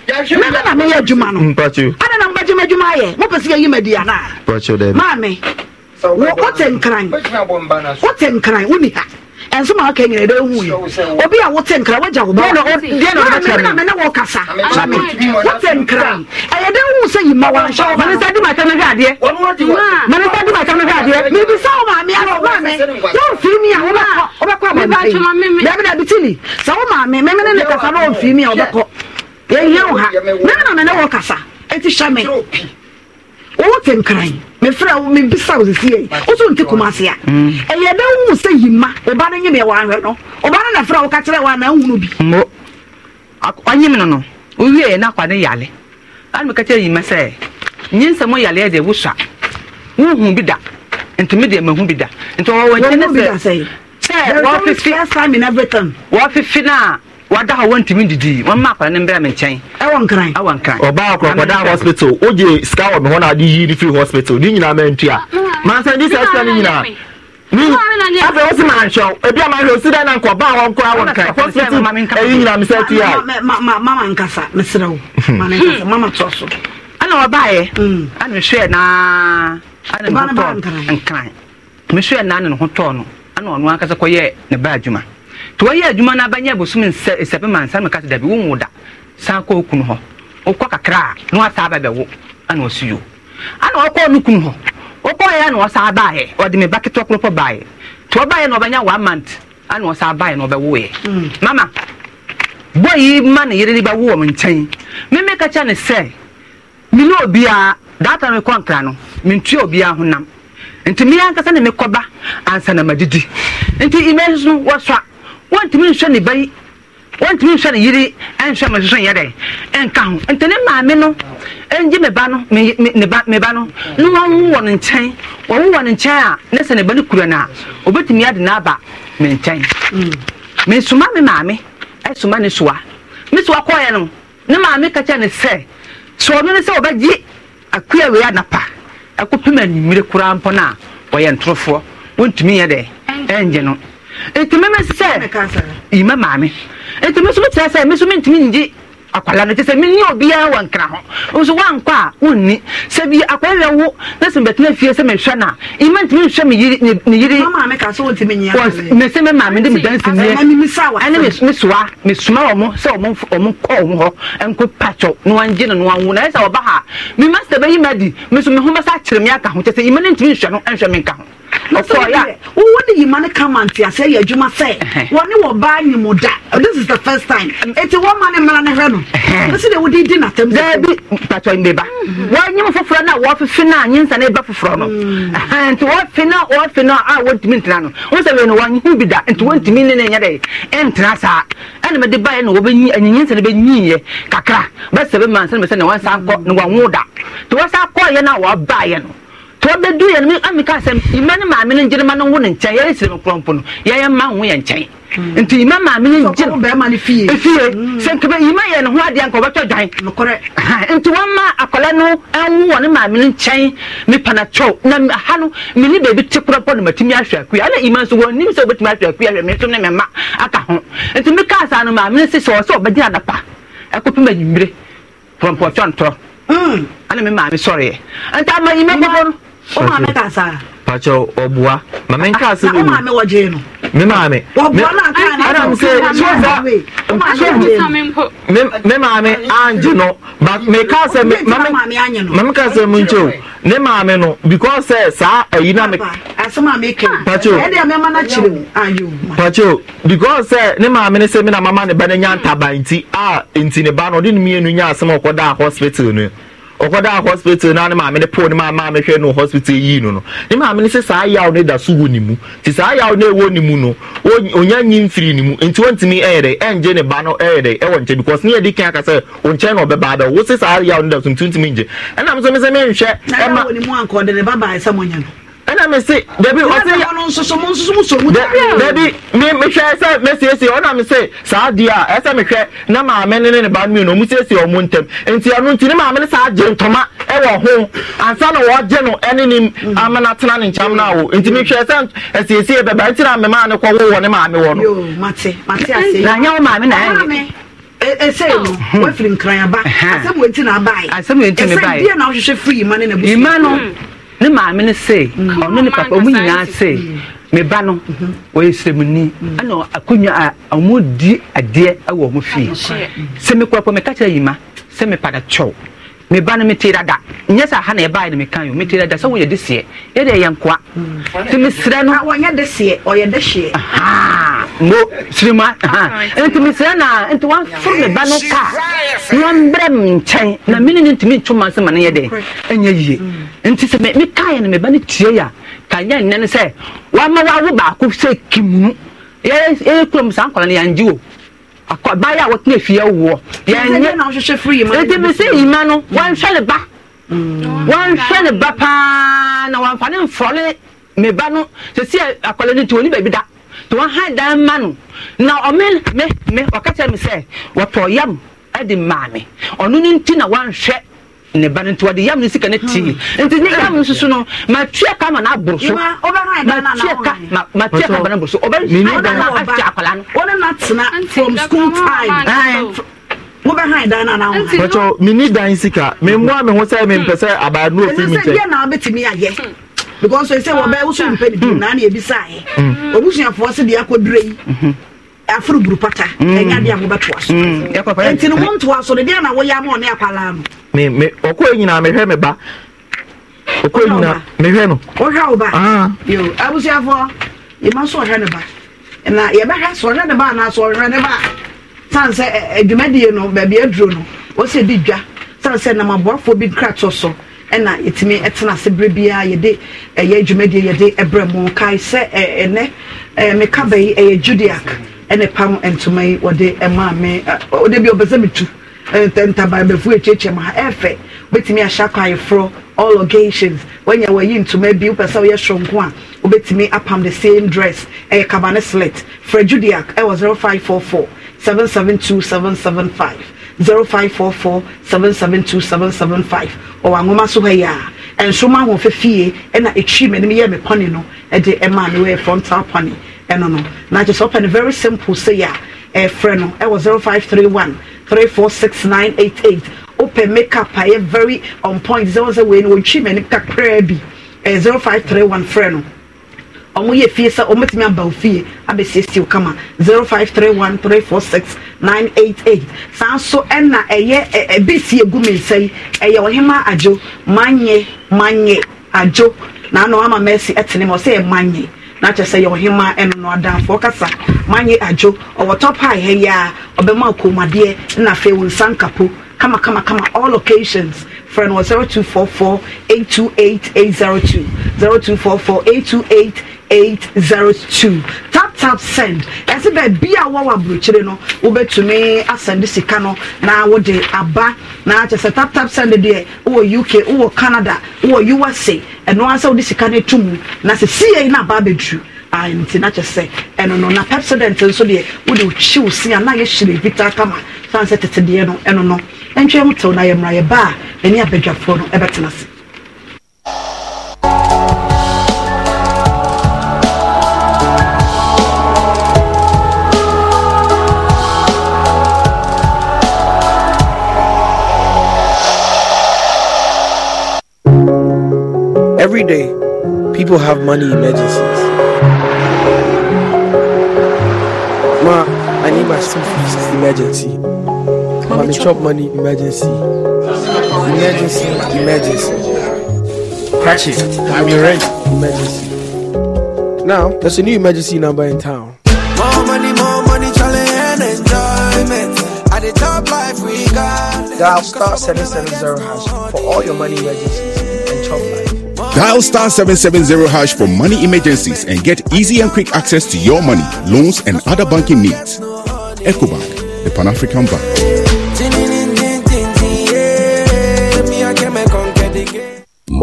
mɛmɛ na meyɛ adwuma no ana na mobɛgye ma adwuma ayɛ mopɛ sɛ yɛyi madi anaa maame wote nkran wote nkran woni ha ɛnso ma woka nyina ɛdɛhu yi obi a wote nkra wagya wo bamɛnamɛne wɔkasa wote nkran ɛyɛ dɛ wohu sɛ yima wanhyɛ mane sɛ dumaka no hwɛ adeɛ mane sɛ dumaka no hwɛ adeɛ mebisa wo maame asɛ maame womfiri mi a wobɛkɔ abɔntɛn bɛmena na sɛ wo maame memene ne kasa na womfiri mi a wobɛkɔ yɛyɛ wo ha mɛna mene wɔ kasa ɛti hyɛ me wowo te nkran mefrɛ wo mebisa wo sesiei wo so nte koma ase a mm. ɛyɛ dɛ wohu sɛ yima ɔba no nyeme ɛwɔ ahwɛ no ɔba no na frɛ wo ka kyerɛ wo ana wohunu bi mo ɔnyem no no wowie na akwa ne yale ana meka kyerɛ yima sɛ nye nsɛm yale ɛdeɛ wosua wohu bi da nti me deɛ mahu bi da nti wɔwɔ nkyɛ ne sɛ sɛ wɔfifi wɔfifi no a wada hɔ wɔntumi didi wɔn mma akwadaa ne mbɛrɛ mi nkyɛn. ɛwɔ nkran ɛwɔ nkran. ɔbaa akɔkɔda hospital o gye sika wɔ mi hɔ na adi yi ni firi hospital ni nyinaa mɛ ntua ah, mansa ndi sɛ ɛsɛ ni nyinaa mi afɛ wosi maa nhyɛw ebi ama hwɛ osi dan na nkɔ baa wɔn kora wɔn kan hospital ɛyi nyinaa mi sɛ tia. mama nkasa mesrɛ wo o. Hmm. nkasa mama tɔ so. ɛna ɔbaayɛ ɛna hmm. nhwɛ naa ɛna ne ho tɔɔ nkran mehwɛ naa ne ne ho tɔɔ no ɛna ɔno ankasa kɔyɛ ne baa adwuma. sɛ wɔyɛ adwuma no abɛnyɛ bosom esepe ma nsa no meka sɛ dabi wonwo da san kɔ okunu hɔ wokɔ kakra a na wasaa bɛbɛwo na ɔsi yo ana ɔkɔɔ no kunu hɔ wokɔɔyɛ na ɔsaa baayɛ ɔde me baketewa korɔ pɔ baayɛ nti ɔbaayɛ na ɔbɛnya one month ana ɔsaa baayɛ na mm. ya mama bɔ yi ma ne yere ne bɛwo wɔ me nkyɛn meme ka kyɛ ne sɛ mene obiaa daata no mekɔ nkra no a obiaa nam nti me ankasa na mekɔba ansa na madidi nti imɛ so no wɔsɔa wɔntumi nhwɛ ne ba yi wɔntumi nhwɛ ne yiri nhwɛ me soso nyɛ dɛ nka ho nti ne maame no ngye me ba no me ba me ba no ne wɔnwo wɔ ne nkyɛn wɔnwo wɔ ne nkyɛn a ne sɛ ne ba no kura na, a obetumi ade n'aba me nkyɛn mm. mesoma me maame ɛsoma ne soa me soa kɔɔɛ no ne maame ka kyɛ ne sɛ soɔ no ne sɛ wɔbɛgye akua wei anapa ɛkɔpem anwummere koraa mpɔ no a wɔyɛ ntorofoɔ wɔntumi yɛ dɛ ɛngye no nti mi mi sɛ yi mi maame nti mi so mi tẹ sɛ mi so mi ntumi ngye akwala no te sɛ menni obiara wɔ nkra ho nso woankɔ a wonni sɛ bi akwala yɛ wo na sɛ mbɛtena fie sɛ mehwɛ no a ima ntumi nhwɛ me yere me sɛ me maame de medansineɛ ɛne mesoa mesoma wɔ mo sɛ ɔmo kɔ wɔ mo hɔ ɛnkɔ patwɔ na wangye no na wanwo na ɛsɛ ɔba ha me master bɛyi ma di me so me ho bɛsa akyerɛ me aka ho kyɛ sɛ ima no ntumi nhwɛ no ɛnhwɛ me nka ho ɔsɔɔyɛ wowɔ ne yima ne ka manteaseɛ yɛ adwuma sɛ wɔne wɔbaa nyimu da this is the first time ɛnti wɔma ne mmara ne hwɛ no ɛsɛ deɛ wode di natam daabi patɔ mbeba wɔnyim foforɔ no a wɔfefe no a nyensa no ɛba foforɔ no nti wɔfe no a wɔfe no a wɔntumi ntena no wo sɛ wei no wɔnyehu bi da nti wɔntumi ne ne nyɛ dɛ ɛntena saa ɛne mede baeɛ no wɔbɛnyi anyenyensa no bɛnyiiɛ kakra bɛsɛ bɛmansa no mɛ sɛ ne wɔnsa nkɔ ne wɔnwo da nti wɔsa kɔɔyɛ no a wɔbaeɛ no tɔ bɛ du yɛn mi ami ka sɛm ima ne maame ne ngyerema ne ho ne nkyɛn yɛre siri nkorɔmpo no yɛyɛ mma ho yɛ nkyɛn nti ima maame ne ngyere bɛrima ne fie fie sɛ nkebe ima yɛ ne ho adeɛ nka ɔbɛtɔ dwan nkorɛ nti wɔn ma akɔla no ɛnwo wɔ ne maame ne nkyɛn mi pana tɔ na ha no mi ni beebi te korɔ pɔ ne matumi ahwɛ akuya ɛna ima nso wɔn nim sɛ obetumi ahwɛ akuya hwɛ mi nso ne mɛ ma aka ho nti mi kaa saa no maame ne sisi wɔ sɛ ɔbɛgyina adapa ɛkɔpem o maame ka saa. pakyɛw ɔboa maame nka ase na maame wɔ gyee no. me maame. ɔboa na aka na ɛna nse sofa me maame anje no ba me ka sɛ me maame maame ka sɛ mo nkyɛ ne maame no because sɛ saa ayi na me. asoma mi kɛ pakyɛw ɛdi ɛmɛ ma na kyerɛ o because sɛ eh, ne maame ne sɛ me na mama ni ba ne nya ntaba nti a ah, nti ne ba no ɔde ne mienu nya asɛm ɔkɔ da hospital no ɔkɔda hospital na ne maame ne pole ne maame ahwɛ no hospital yi no no ne maame ne sɛ saa yaw ne da so wɔ ne mu nti saa yaw ne ɛwɔ ne mu no onya nyi mfiri ne mu nti wɔntumi ɛyɛ dɛ ɛngye ne ba no ɛyɛ dɛ ɛwɔ nkyɛn because ne yɛ di kan aka sɛ wɔn nkyɛn na ɔbɛba adɔ wɔ saa yaw ne da so ntuntumi ngye ɛnam so ne sɛ ne nhwɛ ɛma. na yaw wɔ ne mu ne ba baa ɛsɛ mo nyɛ no ɛna me se dabi dabi mehwɛ mi mɛsiesie ɔna me se saa deɛ a ɛsɛ mehwɛ na maame ne ne ne ba no mmienu ɔmu siesie ɔmo ntam nti ɛno nti ne maame ne saa gye ntoma ɛwɔ ho ansa na wɔgye no ɛne ne mm. ama na tena ne nkyɛn na awo nti mehwɛ mm. sɛ ɛsiesie bɛba nti na mmaa ne kɔ wo wɔ ne maame wɔ no. na nyɛ wo maame na ɛyɛ ɛsɛ yi oh. no wafiri nkran aba asɛm wɔ nti na aba yi asɛm na aba yi ɛsɛ deɛ na ɔhwehwɛ firi ima ne na busu ne maame no se mm. ɔno ne papa ɔmu nyinaa se me ba no mm-hmm. ɔyɛ sremuni mm. ɛna akonnwa a ɔmu di adeɛ ɛwɔ ɔmu fie sɛ mekɔpɔ meka kyerɛ yima sɛ mepada kyɛw me ba no me tira da nyɛ sɛ ha na ɛbaeɛ no meka yo me tira da sɛ woyɛ de seɛ yɛde ɛyɛ nkoa nti mesrɛ no wɔnyɛ de mo sirima nti mesrɛ na nti wamforo me ba no ka na wambrɛ me nkyɛn na mene no ntumi ntwo ma sɛ ma no yɛ dɛn ɛnyɛ yie hmm. nti sɛ mekaeɛ no me ba no tie yɛ a kanyɛ nnɛ no sɛ wama wawo baako sɛ kimu yɛyɛ kurom saa nkɔla no yɛangye wo akɔbaayi a wɔtena efie woɔ yɛnyɛ eti mi se yima no wɔnhwɛ ne ba mm. wɔnhwɛ ne ba paa na wɔnfa ne nfɔle me ba no sisi akɔla ne ti wɔn ni baabi da te wɔn ha dan ma na ɔme me me ɔka kyerɛ mi sɛ wɔtɔ yam ɛde maame ɔno ne ti na wɔnhwɛ ne ba ne ntiwade yam ne sika ne tiri hmm. nti ne yam nso so no ma tua ka ma na aboro so ma tua ka ma tua ka ma na aboro so ɔbɛ ɔbɛ na afi akwala no. wɔn na tena from school time. Bọ́tọ̀ mi ní dan sika mi mú àmì hún mi mpẹ́ sẹ́ àbáyánú mi jẹ. Ẹ̀sìn sẹ́yìn náà bẹ̀ tì mí àyẹ. Bíkọ́ sọ èsè wọ́n bẹ́ẹ̀ wọ́n sọ ìpè nìdí náà ni ebi sáà yẹ. Òbúsùn àfọwọ́sí di akọ dúró yìí aforo buru pata ɛnyɛ mm. adeɛ a mobɛtoa so mm. nti no montoa so no deɛ na woyɛ ama ɔne akwalaa no ɔkɔɛ nyinaa mehwɛ me ba ɔkɔɛ nyinaa mehwɛ no wohwɛ wo ba ah. abusuafoɔ yɛma so ɔhwɛ ne ba na yɛbɛhwɛ so ɔhwɛ ne ba anaa so ɔhwɛ ne ba sane sɛ adwumadie no baabi aduro no ɔsɛ di dwa sane sɛ namaboafoɔ bi kratɔ so ɛna yɛtumi ɛtena ase berɛ biara yɛde ɛyɛ adwumadie yɛde ɛbrɛ mu kae sɛ ɛnɛ meka bɛyi ɛyɛ judiac ɛna pam ntoma yi wɔde ɛmaa mi eh, ɔde bi ɔbɛ sɛ mi tu eh, ntaba abɛfu ekyekye mu ha ɛfɛ obetumi ahyɛ akɔ ayeforɔ all occasions wɔnyɛ wɔyi ntoma bi wopɛ sɛ ɔyɛ soronko a obetumi apam the same dress ɛyɛ eh, kabane slit fred judiak ɛwɔ zero five four four seven seven two seven seven five zero five four four seven seven two seven seven five ɔwɔ anwoma so hɔ yi a nsoma ahoɔfɛ fie ɛna etwi mɛ ne mi yɛ mi pɔni no ɛde ɛmaa mi wɔ yɛ frontal pɔni ɛno no na kyerɛ sɛ ɔpɛ no very simple sei a ɛfrɛ no ɛwɔ 0531 346988 wopɛ makeup a ɛyɛ very on point sɛ wo sɛ wei no wɔntwi m'anim kakraa bi ɛyɛ 0531 frɛ no ɔmo yɛ fie sɛ ɔmotumi aba wo fie abɛsiesie wo kama 0531346988 saa nso ɛna ɛyɛ ɛbɛsi egu me nsa yi ɛyɛ ɔhema adwo manye manye adwo na ano ama mɛsi ɛtene ma ɔsɛ yɛ manye na kyerɛ sɛ yɛ ɔhema ɛno no adamfo manye adwo ɔwɔ top a ɛhɛ yi a ɔbɛma kɔnmuadeɛ na afei wo nsa nkapo kama all occasions frɛ no wɔ 0244 828 802 0244 828 802 tap tap send ɛsɛ baabi a wɔwɔ aburokyire no wobɛtumi asɛnde sika no na wode aba na kyerɛ sɛ tap tap send deɛ wowɔ uk wowɔ canada wowɔ usa ɛno ansa wode sika no to mu na sɛ siei no aba abɛduru nti na kyɛ sɛ ɛno no na pepsodent nso deɛ wode wokyi wo sea na yɛhyerɛ vita kama sane sɛ tetedeɛ no ɛno no ɛntwɛ mu tew na yɛmmara yɛba a ɛne abadwafoɔ no ɛbɛtena se people have money emergencies. Ma, I need my school fees emergency. Mommy chop money emergency. Emergency, emergency. Catch it. I'm your rent. Emergency. Now, there's a new emergency number in town. More money, more money, challenge and enjoyment. At the top life we got. Dial star 770 hash for all your money emergencies. Dial star 770 hash for money emergencies and get easy and quick access to your money, loans, and other banking needs. EcoBank, the Pan African Bank.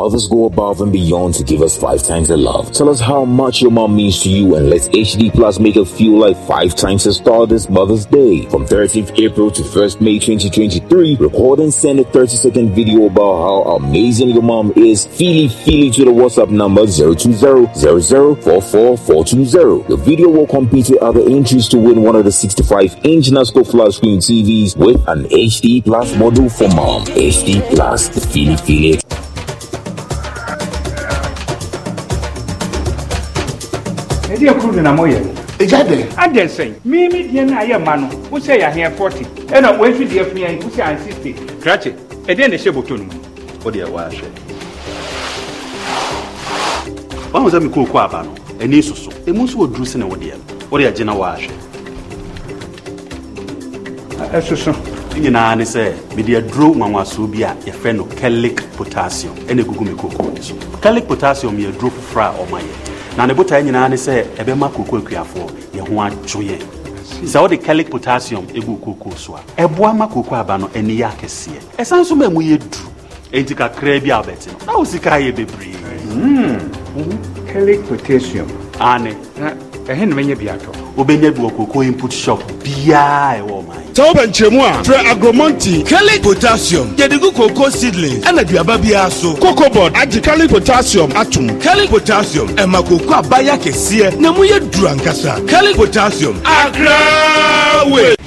others go above and beyond to give us five times the love. Tell us how much your mom means to you and let's HD Plus make it feel like five times the star this Mother's Day. From 13th April to 1st May 2023, record and send a 30 second video about how amazing your mom is. Feely feely to the WhatsApp number 020 The video will compete with other entries to win one of the 65 inch NASCO flat screen TVs with an HD Plus model for mom. HD Plus, the feely feely. ɛdi ekuru de na mo yɛ. ɛgya dɛ. adɛ nsɛn mímí diɛ náà ayɛ ma no wosɛ yɛ ahɛn forty ɛna wɔn esu diɛ fi yɛn wosɛ ahɛn sixty. krakye ɛdɛn na ɛhyɛ bɔtɔ no mu. o deɛ waa hwɛ. wɔn sɛ mi kó kó aba no ɛni soso emu nso wɔ duru sini wɔ deɛ o deɛ gyina waa hwɛ. ɛsoso. ne nyinaa ne sɛ mede aduro nwanwasoɔ bi a yɛfrɛ no calic potassium ɛna ɛgugu me kookoo ne so calic potassium yɛ aduro foforɔ a ɔma yɛ na ne botaeɛ nyinaa ne sɛ ɛbɛma kookoo akuafoɔ yɛ ho adwo sɛ wode calic potassium ɛgu kookoo so a ɛboa ma kookoo aba no ani yɛ akɛseɛ ɛsan so ma mu yɛ du enti kakraa bi a wobɛte no na wo sika yɛ bebree calic hmm. potassium ane ɛhɛn mɛnyɛ bi atɔ. wobɛnya bi wɔ koko input shop biaa ɛwɔ ɔman. sɛ wobɛ nkyɛmu a frɛ agromonti kali potassium yɛde gu koko seedlings ɛna duaba biara so kokobod agye kali potassium atom kali potassium ɛma koko abayɛ akɛseɛ na mu yɛ duru ankasa kali potassium agrawe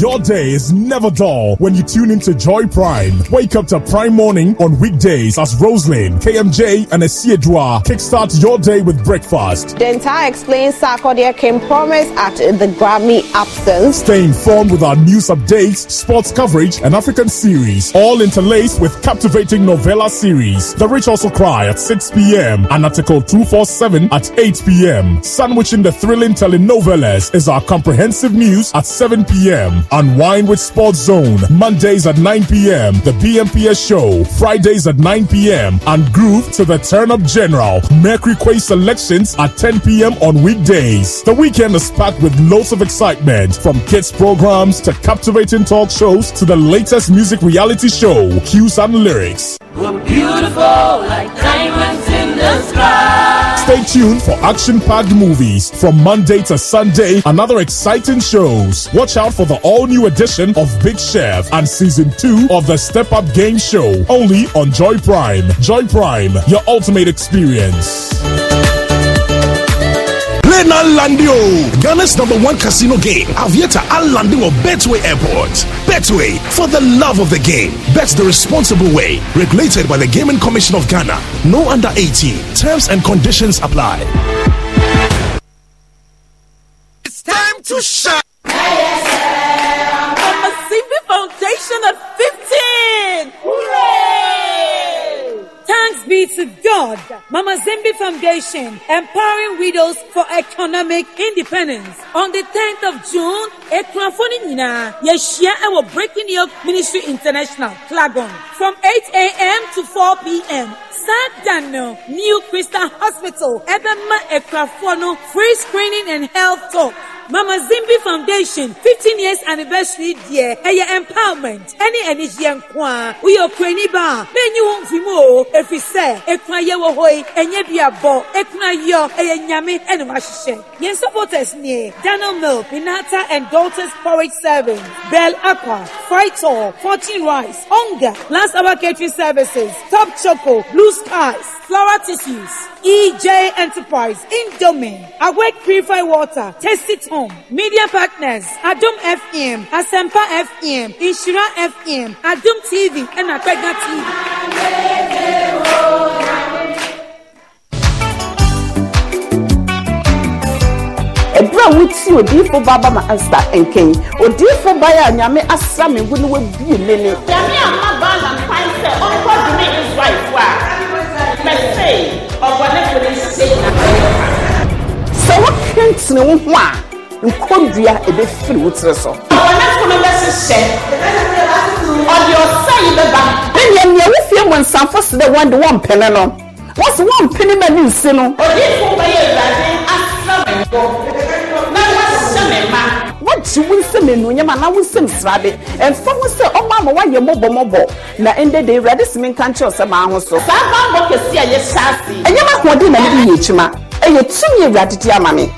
Your day is never dull when you tune into Joy Prime. Wake up to Prime Morning on weekdays as Roselyn, KMJ, and Esiedua kickstart your day with breakfast. Denta explains Sarkodia came promise at the Grammy absence. Stay informed with our news updates, sports coverage, and African series, all interlaced with captivating novella series. The Rich Also Cry at 6 p.m. and Article 247 at 8 p.m. Sandwiching the thrilling telenovelas is our comprehensive news at 7 p.m on Wine with Sports Zone, Mondays at 9 p.m., the BMPS show, Fridays at 9 p.m., and Groove to the Turn Up General, Mercury Quay selections at 10 p.m. on weekdays. The weekend is packed with loads of excitement, from kids' programs to captivating talk shows to the latest music reality show, cues and lyrics. We're beautiful like diamonds in the sky. Stay tuned for action packed movies from Monday to Sunday and other exciting shows. Watch out for the all new edition of Big Chef and season 2 of the Step Up Game Show only on Joy Prime. Joy Prime, your ultimate experience. Say Ghana's number one casino game. Aviator Alandi or Betway Airport. Betway for the love of the game. Bet the responsible way. Regulated by the Gaming Commission of Ghana. No under 18. Terms and conditions apply. It's time to shine. to God. Mama Zimbi Foundation, empowering widows for economic independence. On the 10th of June, ekunafo ni nyinaa yɛhyia ɛwɔ Breaking Yoke Ministry International, Clagon, from 8 a.m. to 4 p.m. Sir New Christian Hospital, Ebema Ekunafo free screening and health talk mama zimbi foundation 15 years anniversary deɛ ɛyɛ empowerment ɛne anigyeɛ nko a woyɛ okurani ba e a menyi wo mfi mu o ɛfiri sɛ ekuna yɛ wɔ hɔ yi ɛnyɛ duabɔ ekuna yɔ ɛyɛ nyame ɛne wahyehyɛ yɛn supporters nie daniel milk minata and daughters porridge serving bell aqua frital fortune rice onga last hour catering services top choco blue skies floral tissues ej enterprise indomie awake purified water tasty time home, media partners, Adum FM, Asempa FM, Inshira FM, Adum TV, and Apega TV. ɛdura a wotie odiifo ba ba ma asta nkɛn odiifo ba yɛ a nyame asra me ngu ne wabie me ne nyame ama ba na mpan sɛ ɔnkɔ dome israelfoɔ a mɛsei ɔbɔ ne fo ne sei na ɛyɛ sɛ wokentene wo ho a nkɔdua ebɛfiri wo tiri so. ɔnɛfo no bɛ hyehyɛ ɔde ɔsa yi bɛba. ne nea nea wofie mu nsanfo si dɛ wɔn de wɔn mpene no wɔn si wɔn mpene na ne nsi no. odiyifo bɛyɛ awurade asra mɛbɔ na wɔahyɛ mɛ ma. wɔgye wo nsɛm enuonyam anaa wo nsɛm srade ɛnfa ho sɛ ɔmo ama woayɛ mɔbɔmɔbɔ na ndɛ de awurade simi nkankyerɛ sɛ maa ho so. saa bambɔ kɛse a yɛhyɛ ase. ɛnyɛ mahoɔden na ne bi yɛ akyima ɛyɛ tumi awurade di ama me.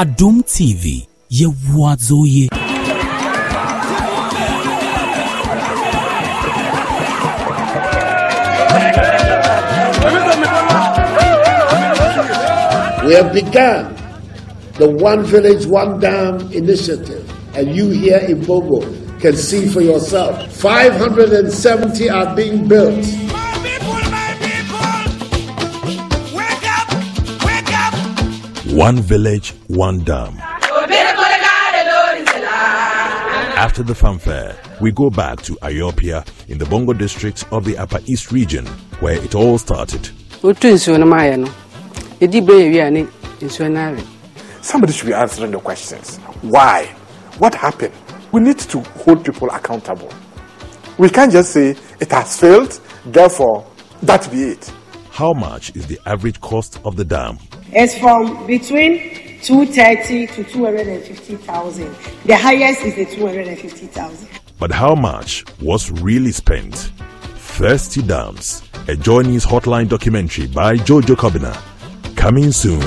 Adum TV We have begun the One Village, One Dam initiative, and you here in Bobo can see for yourself. 570 are being built. One village, one dam. After the fanfare, we go back to Ayopia in the Bongo district of the Upper East region where it all started. Somebody should be answering the questions. Why? What happened? We need to hold people accountable. We can't just say it has failed, therefore, that be it. How much is the average cost of the dam is from between 230 to 250,000. The highest is the 250,000. But how much was really spent? Thirsty Dams, a Chinese Hotline documentary by Jojo Kobina, coming soon.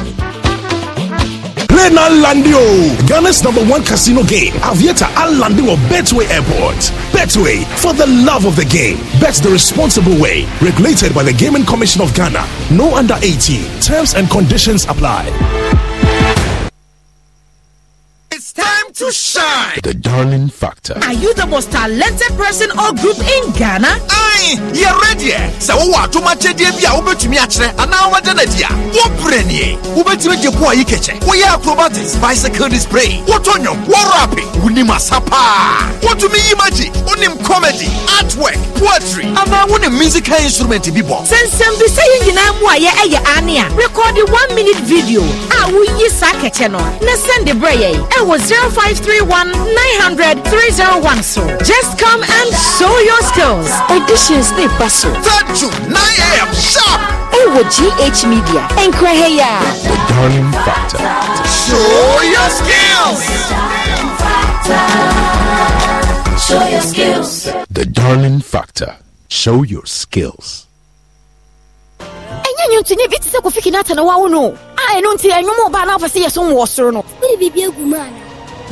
Ebe na Landio, Ghana's number one casino game. Avieta Alandio Betway Airport. Betway for the love of the game. Bet the responsible way. Regulated by the Gaming Commission of Ghana. No under 18. Terms and conditions apply. to shine. The Darling Factor. Are you the most talented person or group in Ghana? Aye, you're ready. So, what to much idea? Be a Uber to me, actually, and now what an idea. What brandy? Uber to make your boy kitchen. We are acrobatics, bicycle display. What on you? What rapping? Unima sapa. What to me magic? Unim comedy, artwork, poetry. Ama one musical instrument be born. Since some be saying in Amwaya, Ania, record a one minute video. I will ye sake channel. Now send the bray. I was 05. 0531 900 so. Just come and show your skills. Auditions ne paso. 3rd June 9 a.m. sharp. Oh, with GH Media. And Kraheya. The Darling Factor. Show your skills. Show your skills. The Darling Factor. Show your skills. ɛnyɛ nwontonyi bi te sɛ kofi kinata na wawo no a ɛno nti ɛnwom ɔbaa na wopɛ sɛ yɛ so nwɔ soro no wode biribi agu mu ana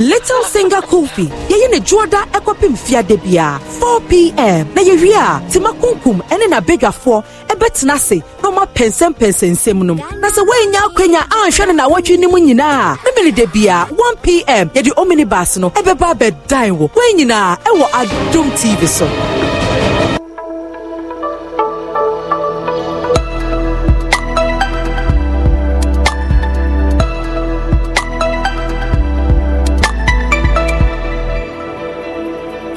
little singer kofi yɛyɛ ne dwoɔda ɛkɔpem fiade biara 4pm na yɛwie a tima kunkum ɛne n'abadwafoɔ ɛbɛtena ase na ɔma pɛnsɛmpɛnsɛnsɛm nom na sɛ woanya akwanya anhwɛ no nawɔtwe no mu nyinaa ne mene da biara 1pm yɛde ominibus no ɛbɛba abɛdan wo wɔn nyinaa ɛwɔ adom tv so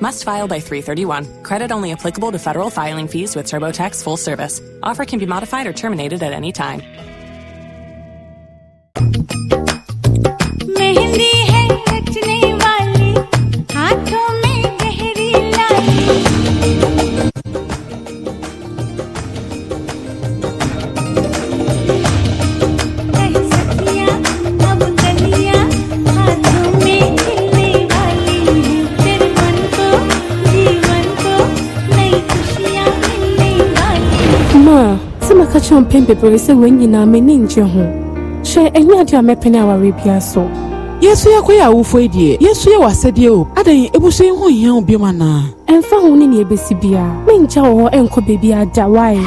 Must file by 331. Credit only applicable to federal filing fees with TurboTax full service. Offer can be modified or terminated at any time. mpɛn bebree sɛ wɔn nyinaa m'ani ngye ho hyɛ ɛnyɛ ade a mɛpene aware bia so yesu yɛ kɔyɛ awofo yi deɛ yesu yɛ w'asɛdeɛ o adan ebusua yi ho hia wo biom anaa ɛmfa ho ne nea ebesi biara menkya wɔ hɔ ɛnkɔ baabi ada wae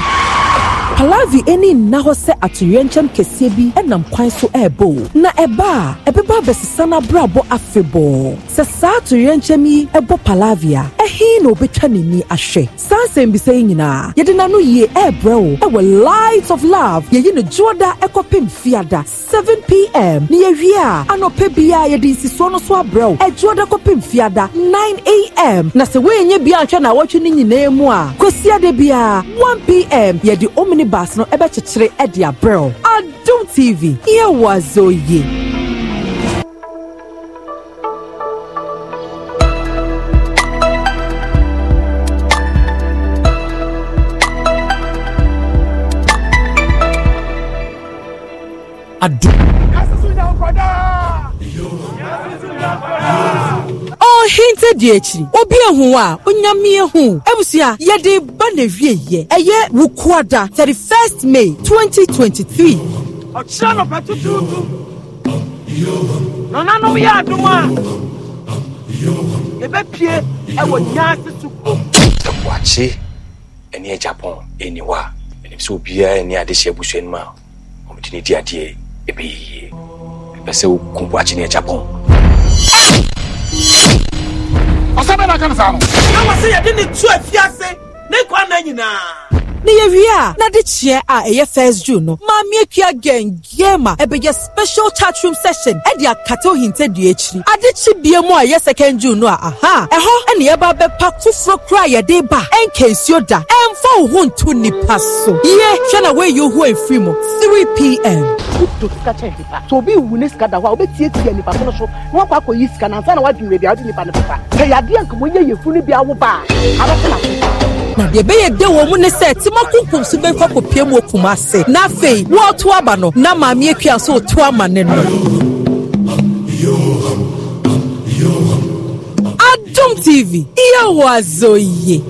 palavi ani nna hɔ sɛ atoyerɛnkyɛm kɛseɛ bi nam kwan so ɛrebɔ o na ɛba a ɛbɛba abɛsesa n'abrabɔ afebɔɔ sɛ saa atoyerɛnkyɛm yi ɛbɔ palavi a ɛhe na obɛtwa n'ani ahwɛ saa nsɛmbisa yi nyinaa yɛde n'ano yie ɛrebrɛ wo ɛwɔ light of love yɛyi no dwoɔda ɛkɔpem fiada Seven pm ne yɛwie a anɔpɛ biara yɛde nsisuo no so abrɛ wo ɛdwoɔda e kɔpem fiada Nine am na sɛ woɛnyɛ bia nhwɛ na awɔtwe no nyinaa mu a kɔsiada biara One pm yɛde omni baas no ɛbɛkyekyere ɛde abrɛw adum tv yɛwɔ azɔ yie. adu. Yasusu Yakoda! Yasusu Yakoda! ɔhinta di akyiri obi ehu a onyame ehu ebusua yɛde ba na wie yɛ ɛyɛ wukuada thirty first may twenty twenty three. ɔkyerɛ no pɛ tutuutu nananom yɛ adom a yɛbɛpie ɛwɔ nyaase so po ɛboakye ɛne agyapɔn ɛni e wa. a ɛnim sɛ obiara ɛne adehyɛ abusua no mu a ɔmede ne di adeɛ ɛbɛyɛ yie ɛpɛ sɛ wokum boakye ne ɔsɛ bɛɛ na aka ne saa no na ma sɛ yɛde ne tu afiase ne kwa na nyinaa na yɛwie a na a ɛyɛ first june no maame akua gɛngɛn ma ɛbɛyɛ special chat room session ɛde akata ohintadua akyiri adekyi bie mu a ɛyɛ second june no a aha ɛhɔ ɛna yɛba bɛpa foforɔ kora a yɛde ba ɛnka nsuo da ɛmfa wo ho nipa so yie hwɛ na woayi wo ho afiri mu 3pm to sika kyɛn nipa so obi wu ne sika da hɔ a obetiatia nipa so no so na wakɔ akɔ yi sika na ansa na wadwin baabi a wode nipa no pepa pɛ yadeɛ nka monyɛ yɛfu no bi awo baa abɛtena so deɛ ɛbɛyɛ de wɔ mu ne sɛ timo kunkum so bɛkɔ kopie mu okuma ase na afei wɔɔto aba no na maame akua so ɔto ama ne no. Adum TV, iye wazo iye.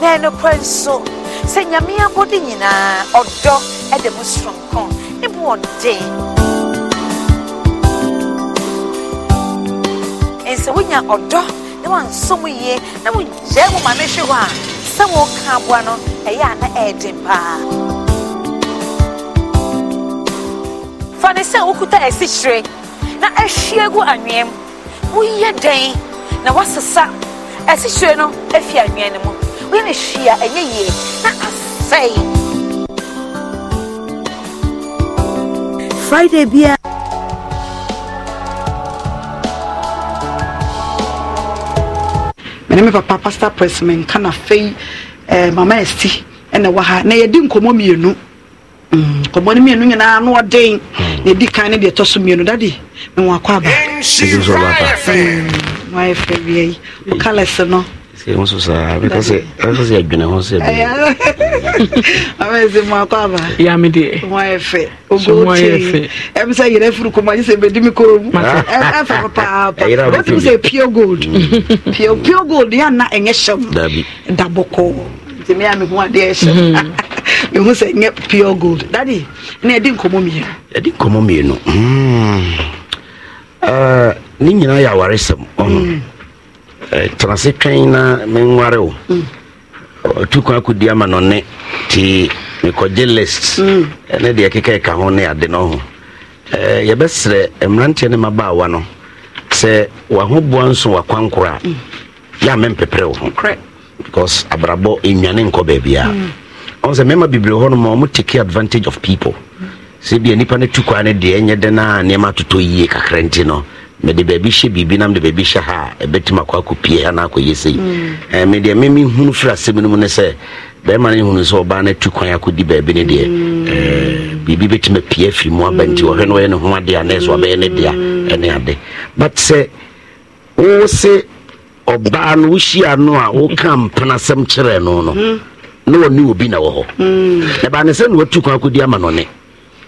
na ɛnokora nso sɛ nyame abɔde nyinaa ɔdɔ ɛde mu soronko ne bo ɔden ɛnsɛ wonya ɔdɔ na wansɔ mu yie na wogyae mu ma no hwe hɔ a sɛ wɔka aboa no ɛyɛ a na ɛɛden paa fa ne sɛ wokuta asikyire e na ahwie e gu anwea e mu woyɛ dɛn na woasesa asikyire no afi anwea no mu wíìnì hyia ɛnyɛ yie na asɛe friday biara mene me papa pastor press menka na afei eh, mama asi ɛna eh, wɔ ha na yɛdi nkɔmmɔ mmienu mm, nkɔmmɔ no mmienu nyinaa na ɔden hmm. na ɛdi kan ne deɛ ɛtɔ so mmienu dade mewɔ akɔ aba mm, na wayɛ fɛ wiei wo kalɛse no nso saa bɛkasɛ adwene ho sɛ amɛsɛ mu akɔ aba yamedeɛ moayɛ fɛ ogote ɛm sɛ yerɛ firi kɔmɔ gye sɛ bɛdi me kɔm ɛfa papaawɛtum sɛ pure gold mm. pure gold yɛanna ɛnyɛ hyɛm dabɔkɔɔ nti mea mehu adeɛ hyɛ mehu sɛ nyɛ pure gold dade na ɛdi nkɔmmɔ mmienu ɛdi ne nyinaa yɛ awaresɛm ɔno Eh, tena se twɛn na menware o mm. ɔtu kwa akɔdi ama no ne nti mekɔgye list mm. eh, ne deɛ keka ɛka ho ne ade no ho eh, yɛbɛserɛ mmeranteɛ ne mmabaawa no sɛ wahoboa nso wakwankora a mm. yɛ a mempepere wo ho because abrabɔ ɛnwane nkɔ baabiaa ɔn sɛ mema bebree hɔ no ɔmo take advantage of people sɛ bia nnipa no tu kwa no deɛ ɛnyɛ dɛ no a nneɛma atotɔ yie kakra nti no mede baabi hyɛ biribi na mede baabi hyɛ ha a ɛbɛtumi akɔ akɔpie ha na akɔyɛ sɛi eh, medeɛ memehunu firi asɛm no mu ne sɛ bɛrima no hunu sɛ ɔbaa no atu kwan akɔdi baabi no deɛ biribi bɛtumi apue afiri mu aba nti ɔhwɛ no ɔyɛ ne ho ade anɛ so ɔbɛyɛ ne dea ɛne ade but sɛ wo se ɔbaa no wohyia no a woka mpenasɛm kyerɛ no no na ɔne hmm. obi na wɔ hɔ na baa ne sɛ na watu kwan akɔdi ama no ne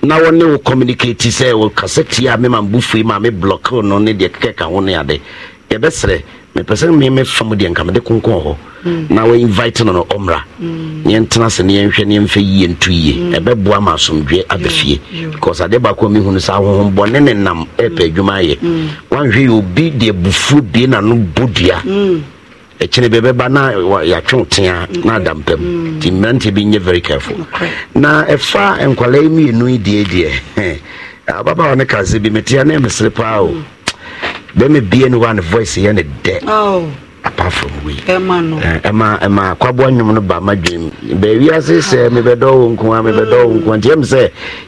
na wɔne wo communicate sɛ wɔkasa tie a mema mbu fui ma me block no ne deɛ kekɛka ho ne ade yɛbɛserɛ mepɛ sɛ memefa mu deɛ nka mede konkɔn hɔ mm. na wɔinvite no no ɔmmra mm. ne yɛntena se ne yɛnhwɛ ne yɛmfa yie nto yie mm. ɛbɛboa mm. ma asomdwe aba fie because adeɛ baako a mehunu sɛ ahohombɔne ne nam ɛpɛ mm. adwuma ayɛ mm. woanhwɛ yɛ obi deɛ bufuo na nano bɔ dua ɛkyine bɛ bɛba na yɛatwe tea na adam pam mm. ti mmera ntiɛ bi yɛ very carefl na ɛfa nkwale yi me yɛnui diɛdeɛ baba one ka se bi metea ne ɛmesere paa o mm. bɛ me bie ne hɔ ane voice yɛne dɛ oh. apart from we ɛma ɛma kwaboa nnwom no ba ma dwem baawi ase sɛ ah. mebɛdɔ wo nko a mebɛdɔ wo nko a ntiɛm sɛ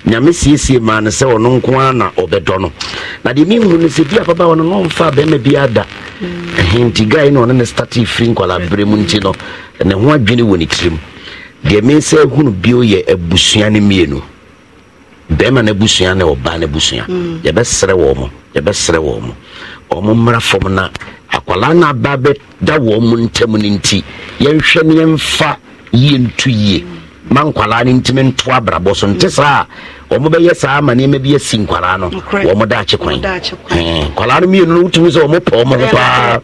nyame siesie maa no sɛ ɔno nko a na ɔbɛdɔ no na deɛ mehu no sɛ bi apaba wɔ no na ɔmfa bɛrima biaa da mm. nti guy no ɔne ne starte firi nkwalaberɛ mu nti no ne ho adwene wɔ ne tirim deɛ mensɛ hunu bio yɛ abusua no mmienu bɛrima no abusua ne ɔbaa no abusua mm. yɛbɛserɛ wɔ mo yɛbɛserɛ wɔ mo ɔmommrafam no akwalaa na aba bɛ da wɔ mo ntam no nti yɛnhwɛ ne yɛmfa yie nto yie ma nkwalaa no nti mentoa abrabɔ so nte saaa wɔn bɛyɛ saa ama nneɛma bi asi nkwaraa no wɔn da akyi kwan nkwaraa no mmienu no wotumi sɛ wɔn pɛ wɔn ho paa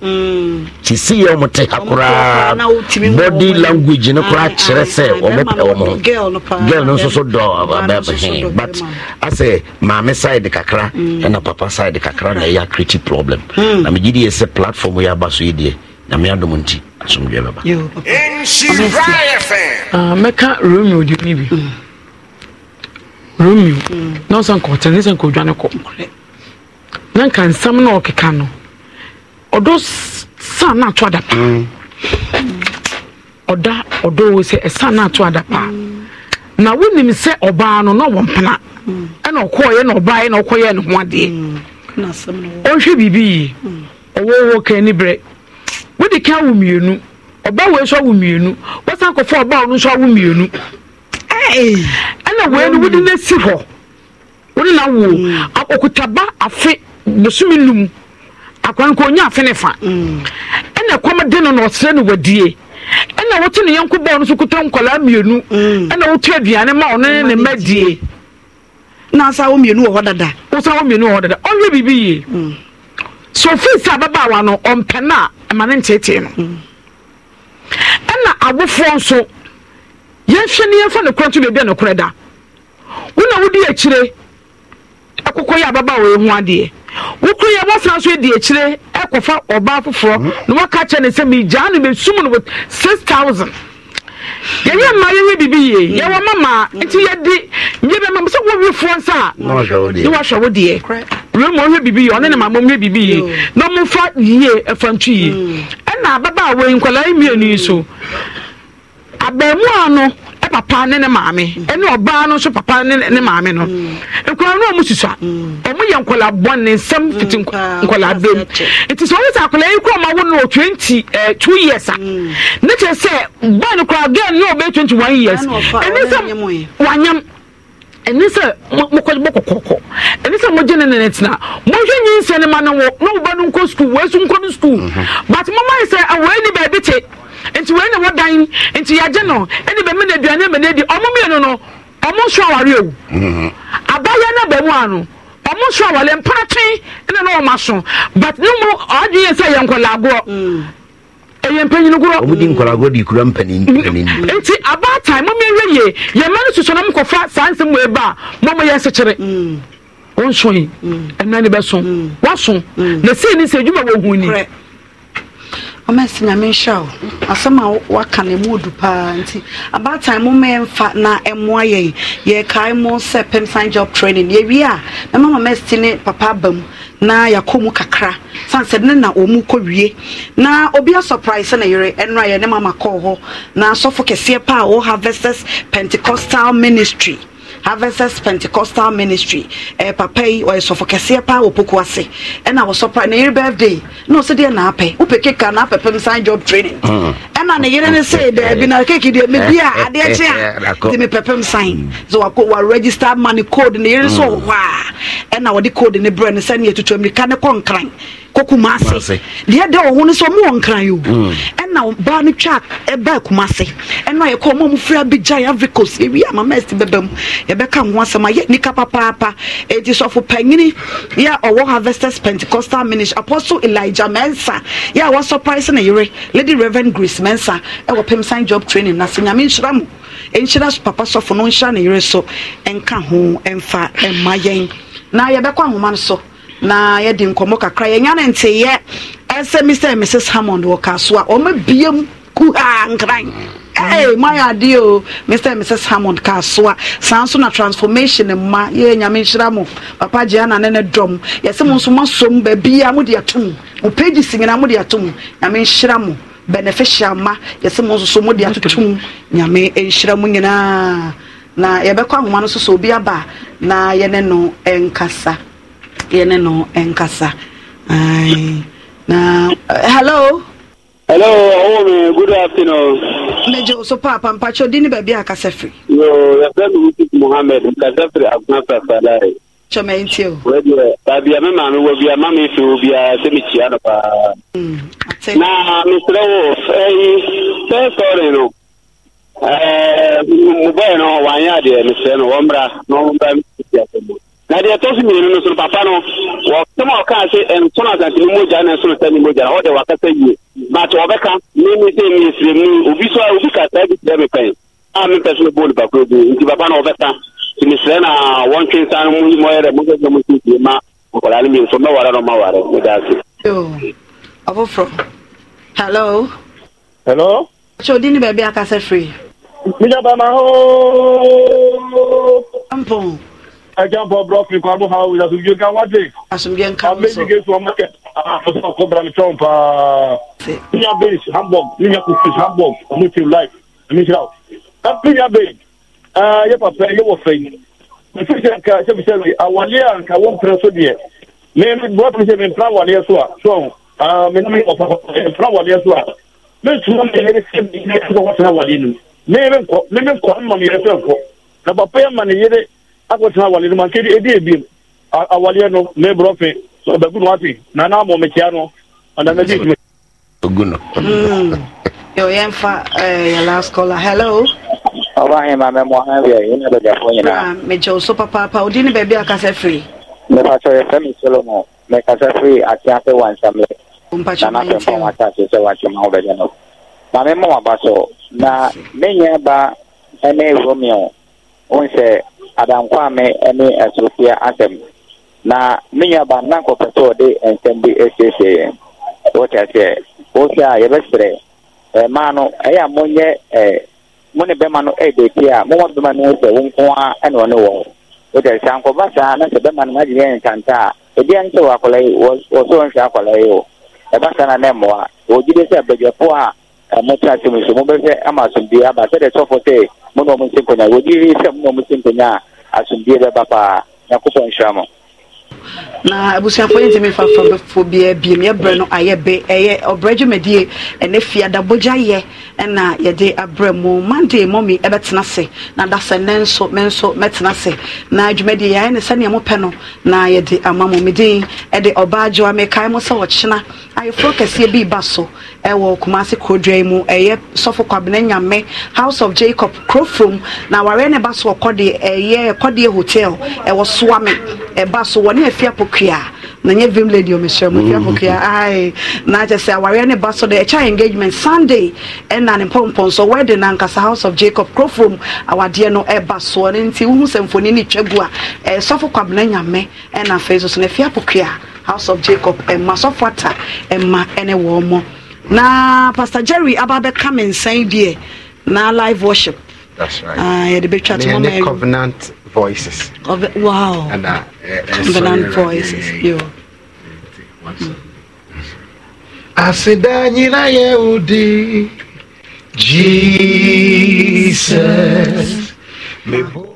sisi yɛ wɔn te ha koraa body language no koraa kyerɛ sɛ wɔn pɛ wɔn ho girl no nso so dɔ abɛbɛhɛn but asɛ maame side kakra ɛna mm. papa side kakra na ɛyɛ creative problem mm. na megye di yɛ sɛ platform yɛ aba so yi deɛ nyame adom nti asomdwe bɛba mɛka romeo dumi bi mm. romeo mm. na ɔsɛ nka ɔtɛ ne sɛ nka odwane kɔ na nka nsɛm na ɔkeka no ɔdɔ sa na ato ada paa mm. ɔda ɔdɔ wo sɛ ɛsa na ato ada paa mm. na wonim sɛ ɔbaa no na ɔwɔ mpena ɛna ɔkɔɔyɛ na ɔbaayɛ na ɔkɔyɛ ne ho adeɛ ɔnhwɛ biribi yie ɔwɔ kan ni berɛ wode awo mmienu ɔbaa nso awo mmienu ɔbaa nso awo mmienu ɛna wɔn ani wɔde mm. n'asi hɔ na n'awo mm. okutaba afe bosome num akwanko onye afe ne fa mm. ɛna kɔm de no na ɔsrɛ no wadie ɛna wɔte ne yɔnko bɔɔl no so kuta nkɔlaa mmienu ɛna wɔtu aduane ma ɔno ne ne mma die n'asa awo mmienu wɔ hɔ dada wosan awo mmienu wɔ hɔ dada ɔnyɛ biribi yie so fiisi ababaawa no ɔmpɛ na ɛma ne nteetee no ɛna awofoɔ nso yɛnhwɛ ne yɛnfa ne kora nto beebi a ne kora da. wona wodi akyire ɛkokɔ yɛ ababa wɔ ɛho adeɛ wokoro yɛ wɔsena nso adi akyire ɛkɔfa ɔbaa foforɔ hmm? na wɔka kyɛ ne sɛ megyaa no no 6000 yɛyɛ mma yɛyɛ biribi yie hmm. yɛwɔ mama nti yɛde nyɛ bɛma sɛ wɔwefoɔ nsa a ne wahwɛ wo deɛ ɔhwɛ biribi yie ɔne ne biribi yie na yie ɛfa nto yie hmm. ɛna mmienu yi papa ne ne maame mm. ɛne ɔbaa no nso papa ne ne maame no mm. nkɔla no a ɔmo susua mm. ɔmo yɛ nkɔla bɔ ne nsɛm fiti nkɔla bɛm nti sɛ ɔmo sɛ akɔla yi kura ɔmo awo no twenty two years a ne kyerɛ sɛ bɔɔl no kura gɛn ne ɔbɛ twenty one years ɛne sɛ wanyam ɛne sɛ mokɔgye bɔ kɔkɔkɔ ɛne sɛ mogye ne nene tena mohwɛ nyinsɛ ne ma no wɔ na woba no nkɔ sukuu wɔasu nkɔ no sukuu mm-hmm. but mama yɛ sɛ awɔani baabi te nti wei na wɔdan nti yagye no ɛne bɛmi na aduane ma n'adi ɔmo mmienu no ɔmo nso aware o mm-hmm. abayewa na bɛmu a no ɔmo nso aware mpatwe ɛna na ɔmo aso but ne mu ɔadwe yɛ sɛ yɛ nkɔlaagoɔ mm. ɛyɛ mpanyin korɔ ɔmo di nkɔlaagoɔ de kura mpanyin mm. nti abaatan mo mmiri yie yɛn mma no soso na mo kɔfa saa nsɛm wo eba mo mo yɛ nsekyere mm. wɔn so yi ɛnua ni bɛ so wɔn so na sii ni sɛ edwuma wɔ hu ni mama esi nyame nhyɛ o asɛm a waka na emu odu paa nti abaatan mo mɛ nfa na ɛmoa yɛn yɛkae mo sɛ pemsan job training yɛwie a mɛma mama esi ne papa aba mu na yɛakɔ mu kakra san sɛ ne na ɔmu kɔ wie na obi a surprise na yere ɛnora yɛ ne mama kɔɔ hɔ na asɔfo kɛseɛ paa wɔ harvesters pentecostal ministry harvesters pentecostal ministry ɛɛ papa yi ɔyɛ sɔfo kɛseɛ paa wɔ poko ase ɛna wɔsɔ ne yere birthday na ɔsɛ deɛ naapɛ wopɛ keka na apɛ sign job training mm. ɛna ne yere ne se dɛɛbi na keke deɛ mebi a adeɛ kye a de mepɛ pɛm san so wakɔ wa register money code ne yere nso mm. wɔ hɔ ɛna wɔde code ne brɛ ne sɛ ne yɛ tutu amirika ne kɔ nkran kɔkuma ase deɛ da wɔ ho no sɛ ɔmo wɔ nkran o mm. ɛna baa no twa ɛba akuma ase ɛna yɛ kɔ ɔmo ɔmo fira bi gya yɛ avrikos ewia ama mɛsi bɛbɛ mu yɛbɛka ho asɛm a yɛ nika papaapa eti sɔfo panyini yɛ ɔwɔ harvesters pentecostal ministry apostle elijah mɛnsa yɛ a surprise ne yere lady reverend grace mɛnsa ɛwɔ pem sign job training na sɛ nyame nhyira mu nhyira papa sɔfo no nhyira ne yere so ɛnka ho ɛmfa ɛmma yɛn na yɛbɛkɔ ahoma no so na yɛdi nkɔmɔ kakra yɛnya ne nteyɛ ɛsɛ mr and mrs hammond wɔ kaso a wɔn abiem kuhaa nkran ɛɛ my adeɛ mr and mrs hammond kaso a saa na transformation mma yɛ nyame nhyira mo papa gye ana ne ne dɔm yɛsɛ mo nso mo asom baabi a mo de atom mo pages nyinaa mo de atom nyame nhyira mo beneficial ma yɛsɛ mo nso so mo de atotom nyame nhyira mo nyinaa na yɛbɛkɔ ahoma no so so obi aba na yɛne no nkasa. yɛne no nkasa na eh, hello. hello ọwọ mi good afternoon. meje oso paapa mpachi odi ni baabi a kasa firi. yoo yabẹ mi yusuf muhammed kasa firi akuna fasala yi. kyọma e nti o. wẹ́ẹ́dì baabi a mi maame wọ bi a maame fi wo bi a sẹ́mi kyia no paa. Hmm, na mesrɛ eh, eh, wo ɛyi sɛ sɔre no ɛɛ mobile no wɔanyɛ adeɛ mesrɛ no wɔmmra na a mesisi asɛm na deɛ ɛtɔ so mmienu no so no papa no wɔsɛm a ɔkaa sɛ ɛnsono asante ne mogya na ɛsono sɛ ne mogya na wɔde wakasa yie but wɔbɛka meme sɛ ne mu obi so a obi kasaa bi kyerɛ me pɛn a mepɛ so no bɔɔl bakoro bi nti papa no wɔbɛka nti mesrɛ na wɔntwe nsa no mu dɛ mogya sɛ mosie ma nkɔdaa no mmienu so mɛware no maware moda ase ɔfoforɔ hello hello kyɛ ne baabi akasɛ firi menya bama ho oh! ampɔn ɛkyɛnfɔ brɔfin kwan mu ha asomdwe nka wate amɛyige so ɔma kɛ ɔsɛ ɔkɔ brametɔn paa pinya base hamburg pinya kufis hamburg ɔmo tim life ɛmihyira ah, ah, o pinya ah, base ɛɛ yɛ papa yɛ wɔ fɛ yi efisɛ nka sɛbisɛ mi awale a nka wɔn pɛrɛ so deɛ mɛ brɔfin sɛ mi mpira awaleɛ so a so ɔn mɛ nam ɔfa mpira awaleɛ so a mɛ tuma mi yɛrɛ sɛ mi yɛrɛ sɛ wɔtena awaleɛ nim mɛ yɛrɛ nkɔ mɛ mi nkɔ mɛ mi yɛrɛ sɛ nkɔ na papa yɛ ma ne yɛrɛ akɔtena awale no ma nka ɛdi ebiem awaleɛ no ne borɔfe ɔbɛgu no ate na na amɔ mekyia no ɔnana gye tumi ogu no hmm. yɛmfa eh, yɛ last caller hello ɔbahema mɛmɔ ha wiɛ yɛna bɛgyafoɔ nyinaa ah, megyɛ wo so papaapa wodi ne baabi akasa firi mepakyɛ yɛfɛ me solomon mekasa firi atease wansamlɛ nana pɛmpɔ watase sɛ wakyema wo bɛgya no ma memmɔ waba so na menyɛ ba ɛne romeo wo sɛ adankwame ne asofia asɛm na eh, eh, eh, ne nyaba na nkɔpɛ sɛ ɔde nsɛm bi asiesie a yɛbɛserɛ ɛmaa no ɛyɛ a monyɛ mo ne bɛma no a momma bɛma no sɛ wo nko a ɛne ɔne wɔ wote sɛ ankɔba saa na sɛ bɛma no magye yɛ a ɛbia wɔ akɔla yi wɔ ɔnhwɛ akɔla yi o ɛba saa na na ɛmmoa wɔgye sɛ abadwafoɔ a mu na ɔmo nsi nkonnwa wɔdi sɛ mu na ɔmo nsi nkonnwa a asomdie bɛba paa nyakopɔn nhyira mo na abusuafo yi ntumi fafafo bia mi yɛbrɛ no ayɛ be ɛyɛ ɔbrɛ dwumadie ɛne fiadabogya yɛ ɛna yɛde abrɛ mu monday mɔmi ɛbɛtena se na dasɛ nɛ nso mɛ nso mɛtena se na dwumadie yɛayɛ ne sɛnea mopɛ no na yɛde ama mo meden ɛde ɔbaa gyewa mekae mo sɛ wɔkyena ayɛforo kɛseɛ bi ba so ɛwɔ kumase kurodua yi mu ɛyɛ sɔfo kwabena nyame house of jacob kurofrom na wareɛ ne ba so wɔ kɔdeɛ ɛyɛ kɔdeɛ hotel ɛwɔ soame ɛba so wɔne na efi apokua na nye vim lady o mesere mo mm. ai na agye sɛ awareɛ ne ba so de ɛkyɛ engagement sunday ɛna ne mpɔmpɔn so wedding na nkasa house of jacob krofrom awadeɛ no ɛba soɔ ne nti wohu sɛ mfoni ne twa gu a ɛsɔfo kwabena nyame ɛna afei so so na efi house of jacob ɛma sɔfo ata ɛma ɛne wɔn mo na pastor jerry aba bɛka me nsɛn deɛ na live worship That's right. Uh, ah, yeah, the big chat. Yeah, covenant voices Obe, wow ana eh, eh, covenant voices yo Asida nyina ye udi jesus